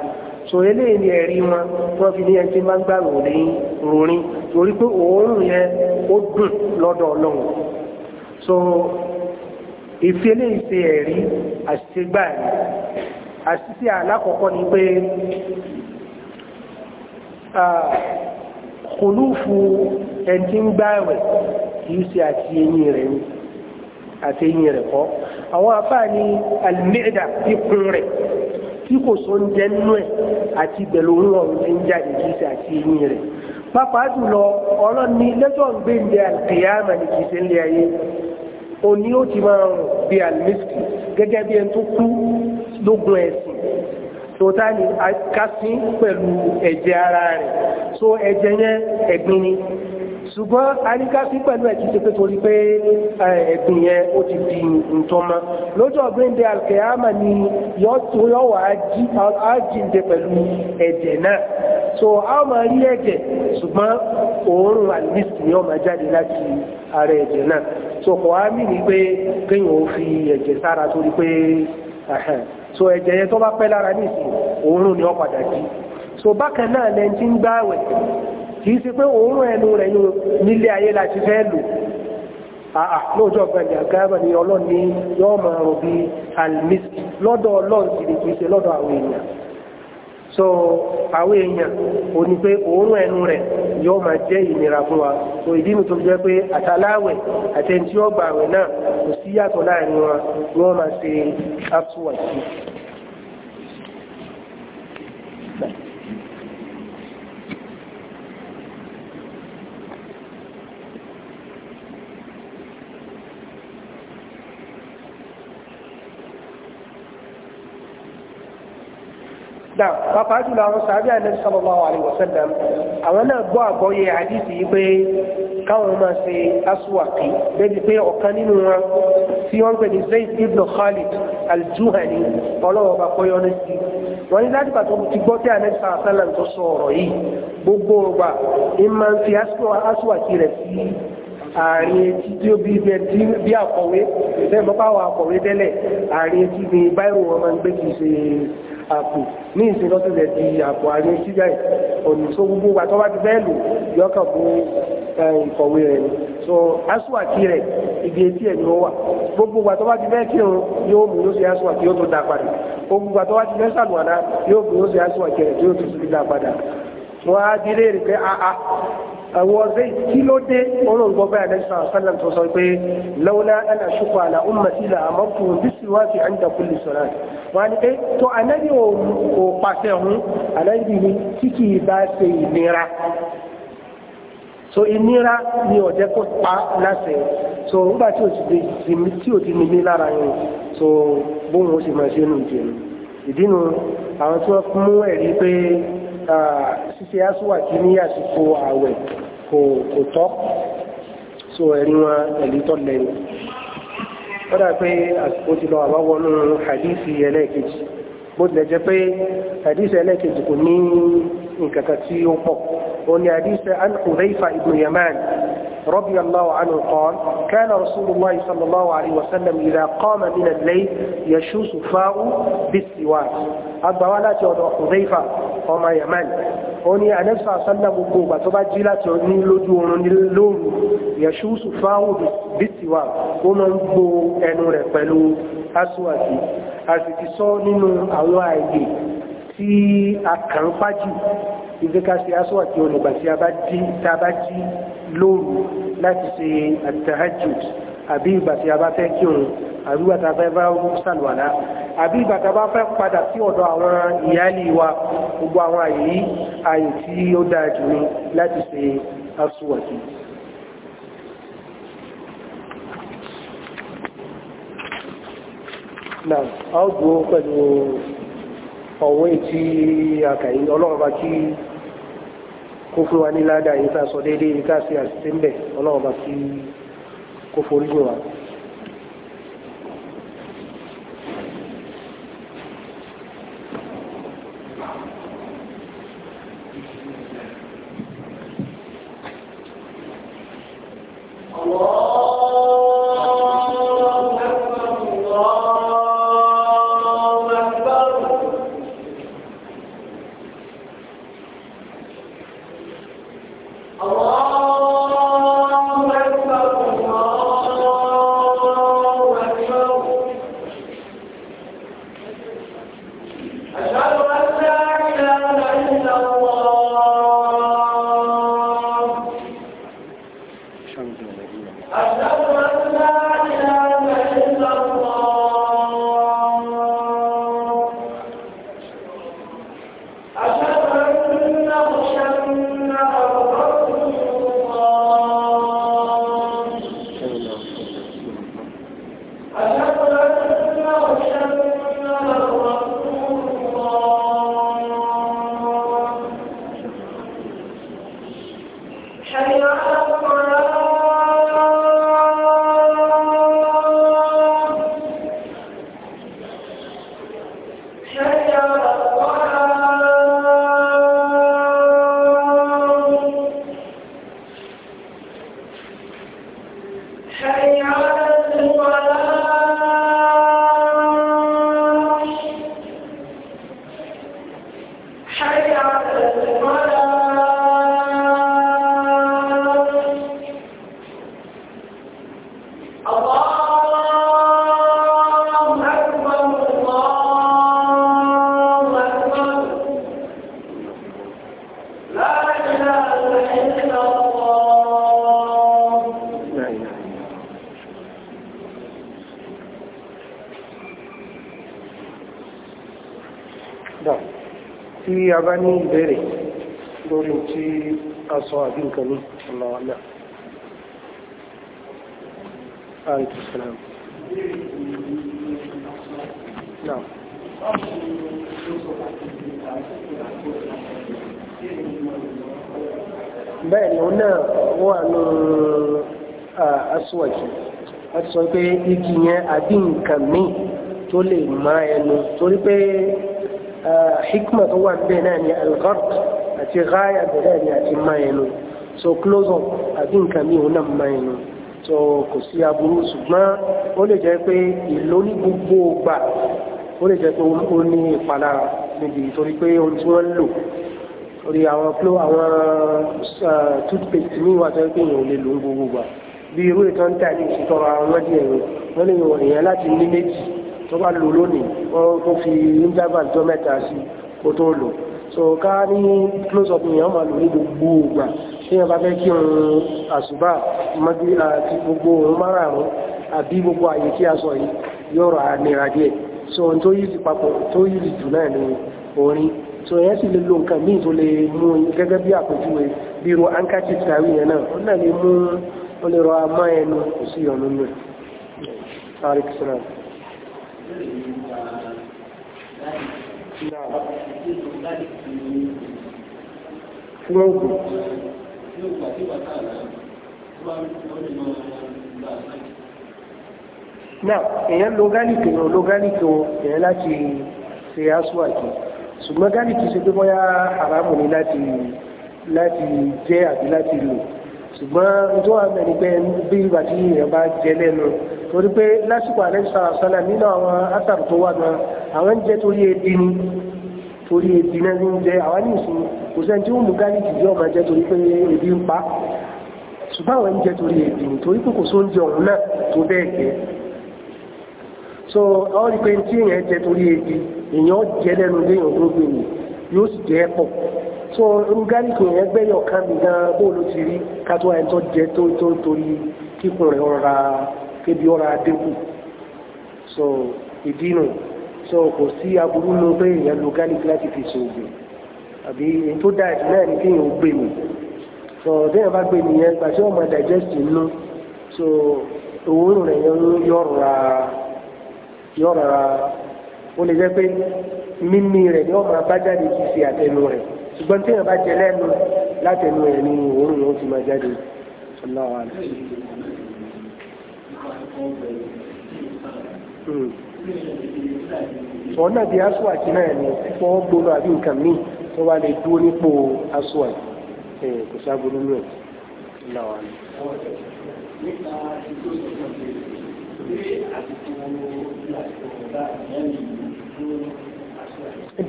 so eléyìí ni ẹ̀rí wọn wọ́n fi ní ẹni tí máa ń gbà ròrìn ròrìn torí pé òórùn yẹn ó dùn lọ́dọ̀ ọlọ́run so ìfẹ́lẹ́ ìṣe ẹ̀rí àṣìṣẹ́gbà ẹ̀ àṣìṣẹ́ alákọ̀ọ́kọ́ ni pé uh, kòlúfù ẹ̀ntí ń gbáwẹ̀ kìí ṣe àti eyín rẹ̀ ní àti eyín rẹ̀ kọ́ àwọn afáà ní alimẹ́dà ikùn rẹ̀ tí kò sọ ń jẹ́ nínú ẹ̀ àti ìbẹ̀lú òun ọ̀run ti ń jáde kìí ṣe àti eyín rẹ̀ tòótá ni kásí pẹ̀lú ẹ̀jẹ̀ ara rẹ̀ so ẹ̀jẹ̀ yẹn ẹ̀gbin ni ṣùgbọ́n a ní kásí pẹ̀lú ẹ̀kí ṣe pé torí pé ẹ̀gbin yẹn ó ti di ni yọ́ wà á jíǹde pẹ̀lú ẹ̀jẹ̀ náà so a máa rí ẹ̀jẹ̀ ṣùgbọ́n òórùn àlìsì ni ó máa jáde láti ara ẹ̀jẹ̀ náà so kò á mì ní pé kéèyàn ó fi ẹ̀jẹ̀ sára torí pé so ẹ̀jẹ̀ yẹn tó bá pẹ́ lára ní ìsìn òórùn ni ó padà jí so bákan náà lẹ́yìn tí ń gbààwẹ̀ kì í ṣe pé òórùn ẹnu rẹ̀ yóò nílé ayé láti fẹ́ lò àà lóòjọ́ gbàgbé àgáàmà ni ọlọ́ni yóò máa rò bí almisk lọ́dọ̀ ọlọ́run sì lè kì lọ́dọ̀ àwọn èèyàn so àwọn èèyàn ò ní pé òórùn ẹnu rẹ̀ yóò máa jẹ́ ìnira fún wa so ìdí mi tó jẹ́ pé àtàláwẹ̀ àti ẹni tí ó gbà àwẹ̀ náà kò sí yàtọ̀ láàrin wọn ni wọ́n máa ṣe capsule àti. náà pàápàá jùlọ àwọn sàábí àlẹ́ sallallahu alaihi wasallam àwọn náà gbọ́ àgbọ́yé àdìsí yìí pé káwọn máa ṣe aswaki débi pé ọ̀kan nínú wọn tí wọ́n ń pè ní Zayd ibn Khalid al-Juhani ọlọ́wọ́ bá etí tí ó bí ibẹ̀ tí bí àkọ̀wé bẹ́ẹ̀ mọ́páwọ̀ àkọ̀wé tẹ́lẹ̀ àárín etí ni báyìí wọn máa ń gbé kìí ṣe àpò ní ìsìn lọ́sọ̀lẹ̀ di àpò àárín síjà ẹ̀ ọ̀nà tó gbogbo wa tó bá ti bẹ́ẹ̀ lò yọkàn fún ìkọ̀wé rẹ̀ ni so aṣọ́àkí rẹ̀ ibi etí ẹ̀ ni ó wà gbogbo wa tó bá ti bẹ́ẹ̀ kírun yóò mú yóò ṣe aṣọ́àkí yóò tó dá padà gbogbo wa tó bá ti bẹ́ẹ̀ sàlùwàdà yóò mú yóò ṣe aṣọ́àkí rẹ̀ a a àwọn zai kí ló dé ọlọ́run gbọ́ báyà lẹ́sìn àṣálàm tó sọ pé lọ́wọ́lá ẹ̀nà ṣùkọ́ àlà ummati la àmọ́kù bísíwájú àǹdà kulli salat wọn ni pé tó anábì ò pàṣẹ hun anábì ni tí kì í bá ṣe ìnira so ìnira ni ọ̀jẹ́ kó pa láṣẹ so nígbà tí o ti tí o ti ní ní lára yẹn so bóun ó sì máa ṣe nù jẹun ìdí ṣíṣe aṣíwàkí ní àsìkò ààwẹ̀ kò tọ́ so ẹ̀rí wọn ẹ̀lí tọ́ lẹ́nu wọ́n dà pé àsìkò ti lọ àbáwọnú hadithi ẹlẹ́ẹ̀kejì bó tilẹ̀ jẹ́ pé hadithi ẹlẹ́ẹ̀kejì kò ní nǹkan tí ó pọ̀ ó ní hadithi an Hudhayfa Yaman رضي الله عنه قال كان رسول الله صلى الله عليه وسلم إذا قام من الليل يشوس فاء بالسواك الضوالات يوضع حذيفة وما يمن أني أنفس أسلم قوبة تبجلة نلجون نلون يشوس فاء بالسواك وننبو أنور بلو أسواكي أسكسون من أواعي tí a kàn pàjù ibi ká ṣe aṣọ àti olùgbà tí a bá jí lóru láti ṣe àtàhajjud àbí ìgbà tí a bá fẹ́ kí òun àbí ìgbà tí a fẹ́ bá sàlùwàlá àbí ìgbà tí a bá fẹ́ padà sí ọ̀dọ̀ àwọn ìyáálé wa gbogbo àwọn àyè yìí tí ó dáa jù ní láti ṣe aṣọ àti náà a ó dúró pẹ̀lú ọ̀wọ́ ètí àkàyí ọlọ́run bá kí kó fún wa ní ládàá yìí ká sọ déédéé yìí ká sí àṣìṣe ń bẹ̀ ọlọ́run bá fi kó jù wá. Gracias. bá ní ìbéèrè lórí tí a sọ àbí nǹkan ní ọ̀nà ọ̀nà àìkú sàlám náà bẹ́ẹ̀ ni ó náà wà ní aṣíwájú láti sọ pé igi yẹn àbí nǹkan míì tó lè má ẹnu torí pé hikma tó wà bẹ́ẹ̀ náà ni algard àti ghaya bẹ́ẹ̀ ni àti mayenu so close up àti nǹkan mi òun náà mayenu so kò sí aburú ṣùgbọ́n ó lè jẹ́ pé ìlò ní gbogbo gbà ó lè jẹ́ pé ó ní ìpalára níbi ìtorí pé ohun tí wọ́n ń lò orí àwọn klo àwọn toothpaste ní ìwà tó ń pè yàn ò lè lò ń gbogbo gbà bí irú ìtọ́ntà ní ìṣètọ́ra àwọn díẹ̀ yẹn wọ́n lè yàn láti ní méjì tó bá lò lónìí wọ́n tó fi interval tó mẹ́ta sí kó tó lò so ká ní close up yẹn wọ́n máa lò ní gbogbo ìgbà tí wọ́n bá fẹ́ kí n àṣùbà mọ́bí àti gbogbo òun márààrún àbí gbogbo àyè tí a sọ yìí yóò rà díẹ̀ so ohun tó yìí ti papọ̀ tó yìí ti jù náà ni orin so yẹn sì lè lo nǹkan míì tó lè mú gẹ́gẹ́ bí àpèjúwe bí irú ankachi tàwí yẹn náà ó náà lè mú ó lè rọ amá ẹnu kò sí ọ̀nà náà. Thank you. Gbọ́gbù. Náà, èyàn lo gáàlìkì náà lo gáàlìkì wọn èyàn láti ṣe aṣíwájú. Ṣùgbọ́n gáàlìkì ṣe pé bọ́yá àrámù ni láti láti jẹ́ àti láti lò. Ṣùgbọ́n tó wà mẹ́rin pé bí ìgbà tí èyàn bá jẹ lẹ́nu torí pé lásìkò àlẹ́sà sálà nínú àwọn ásàrù tó wà gan àwọn ń torí ebi ni torí ebi náà ń jẹ àwọn ní ìsinmi kò sẹ́ni tí ó mú torí pé ebi ń pa ṣùgbọ́n àwọn torí ebi ni torí pé kò sóúnjẹ ọ̀hún náà tó bẹ́ẹ̀ gẹ́ so àwọn ìpè tí èèyàn torí ebi èèyàn lẹ́nu léèyàn tó gbé kébi ọ̀rọ̀ adékù so ìdínú so kò sí aburú ló pé èèyàn lo garlic láti fi ṣoògùn àbí èyí tó dáa jù náà ni kéèyàn ó gbé mi so téèyàn bá gbé mi yẹn pàṣẹ ọmọ digest nínú so òórùn rẹ̀ yẹn yọ̀ọ̀ra yọ̀ọ̀ra ó lè jẹ́ pé mímí rẹ̀ ni ọmọ abájáde kì í ṣe àtẹnu rẹ̀ ṣùgbọ́n téèyàn bá jẹ lẹ́nu látẹnu rẹ̀ ni òórùn yẹn ó ti máa jáde. Allah wa alayhi sọ̀nà bí aṣọ́àkì náà ni fọ́n gbóná àbí nǹkan míì tó wá lè dúró nípò aṣọ́àkì kò sáàbùrú náà láwa ni. nípa ìgbó ìgbọ̀n pé àtìkò ìlàkọ̀ọ́dá ìyá mi dúró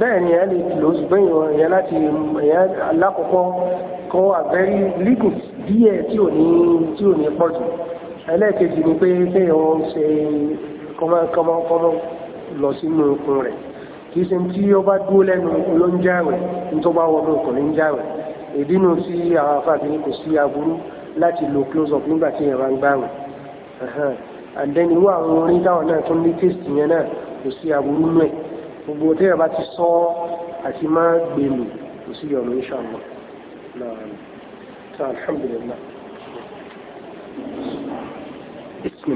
bẹ́ẹ̀ ni ẹ lè lò ṣùgbọ́n ìwọ̀n ìyẹn láti ìyẹn alákọ̀ọ́kọ́ kọ́ àgbẹ̀rí lígùn díẹ̀ tí ò ní pọ̀jù ẹlẹ́ẹ̀kejì ni pé kéèyàn ṣe kọ́mọkọ́mọ lọ sínú okun rẹ̀ kì í ṣe tí ó bá dúró lẹ́nu ló ń jáwẹ̀ nítorí bá wọnú okùn ní ń jáwẹ̀ ìdínú tí àwọn afáàbí kò sí aburú láti lo close up nígbà tí èèyàn bá ń gbàwẹ̀ and then irú àwọn orin táwọn náà tún ní taste yẹn náà kò sí aburú nù ẹ̀ gbogbo téèyàn bá ti sọ àti má gbèlú kò sí ìyọ̀nù inshallah náà alhamdulillah. بسم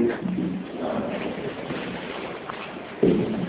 الله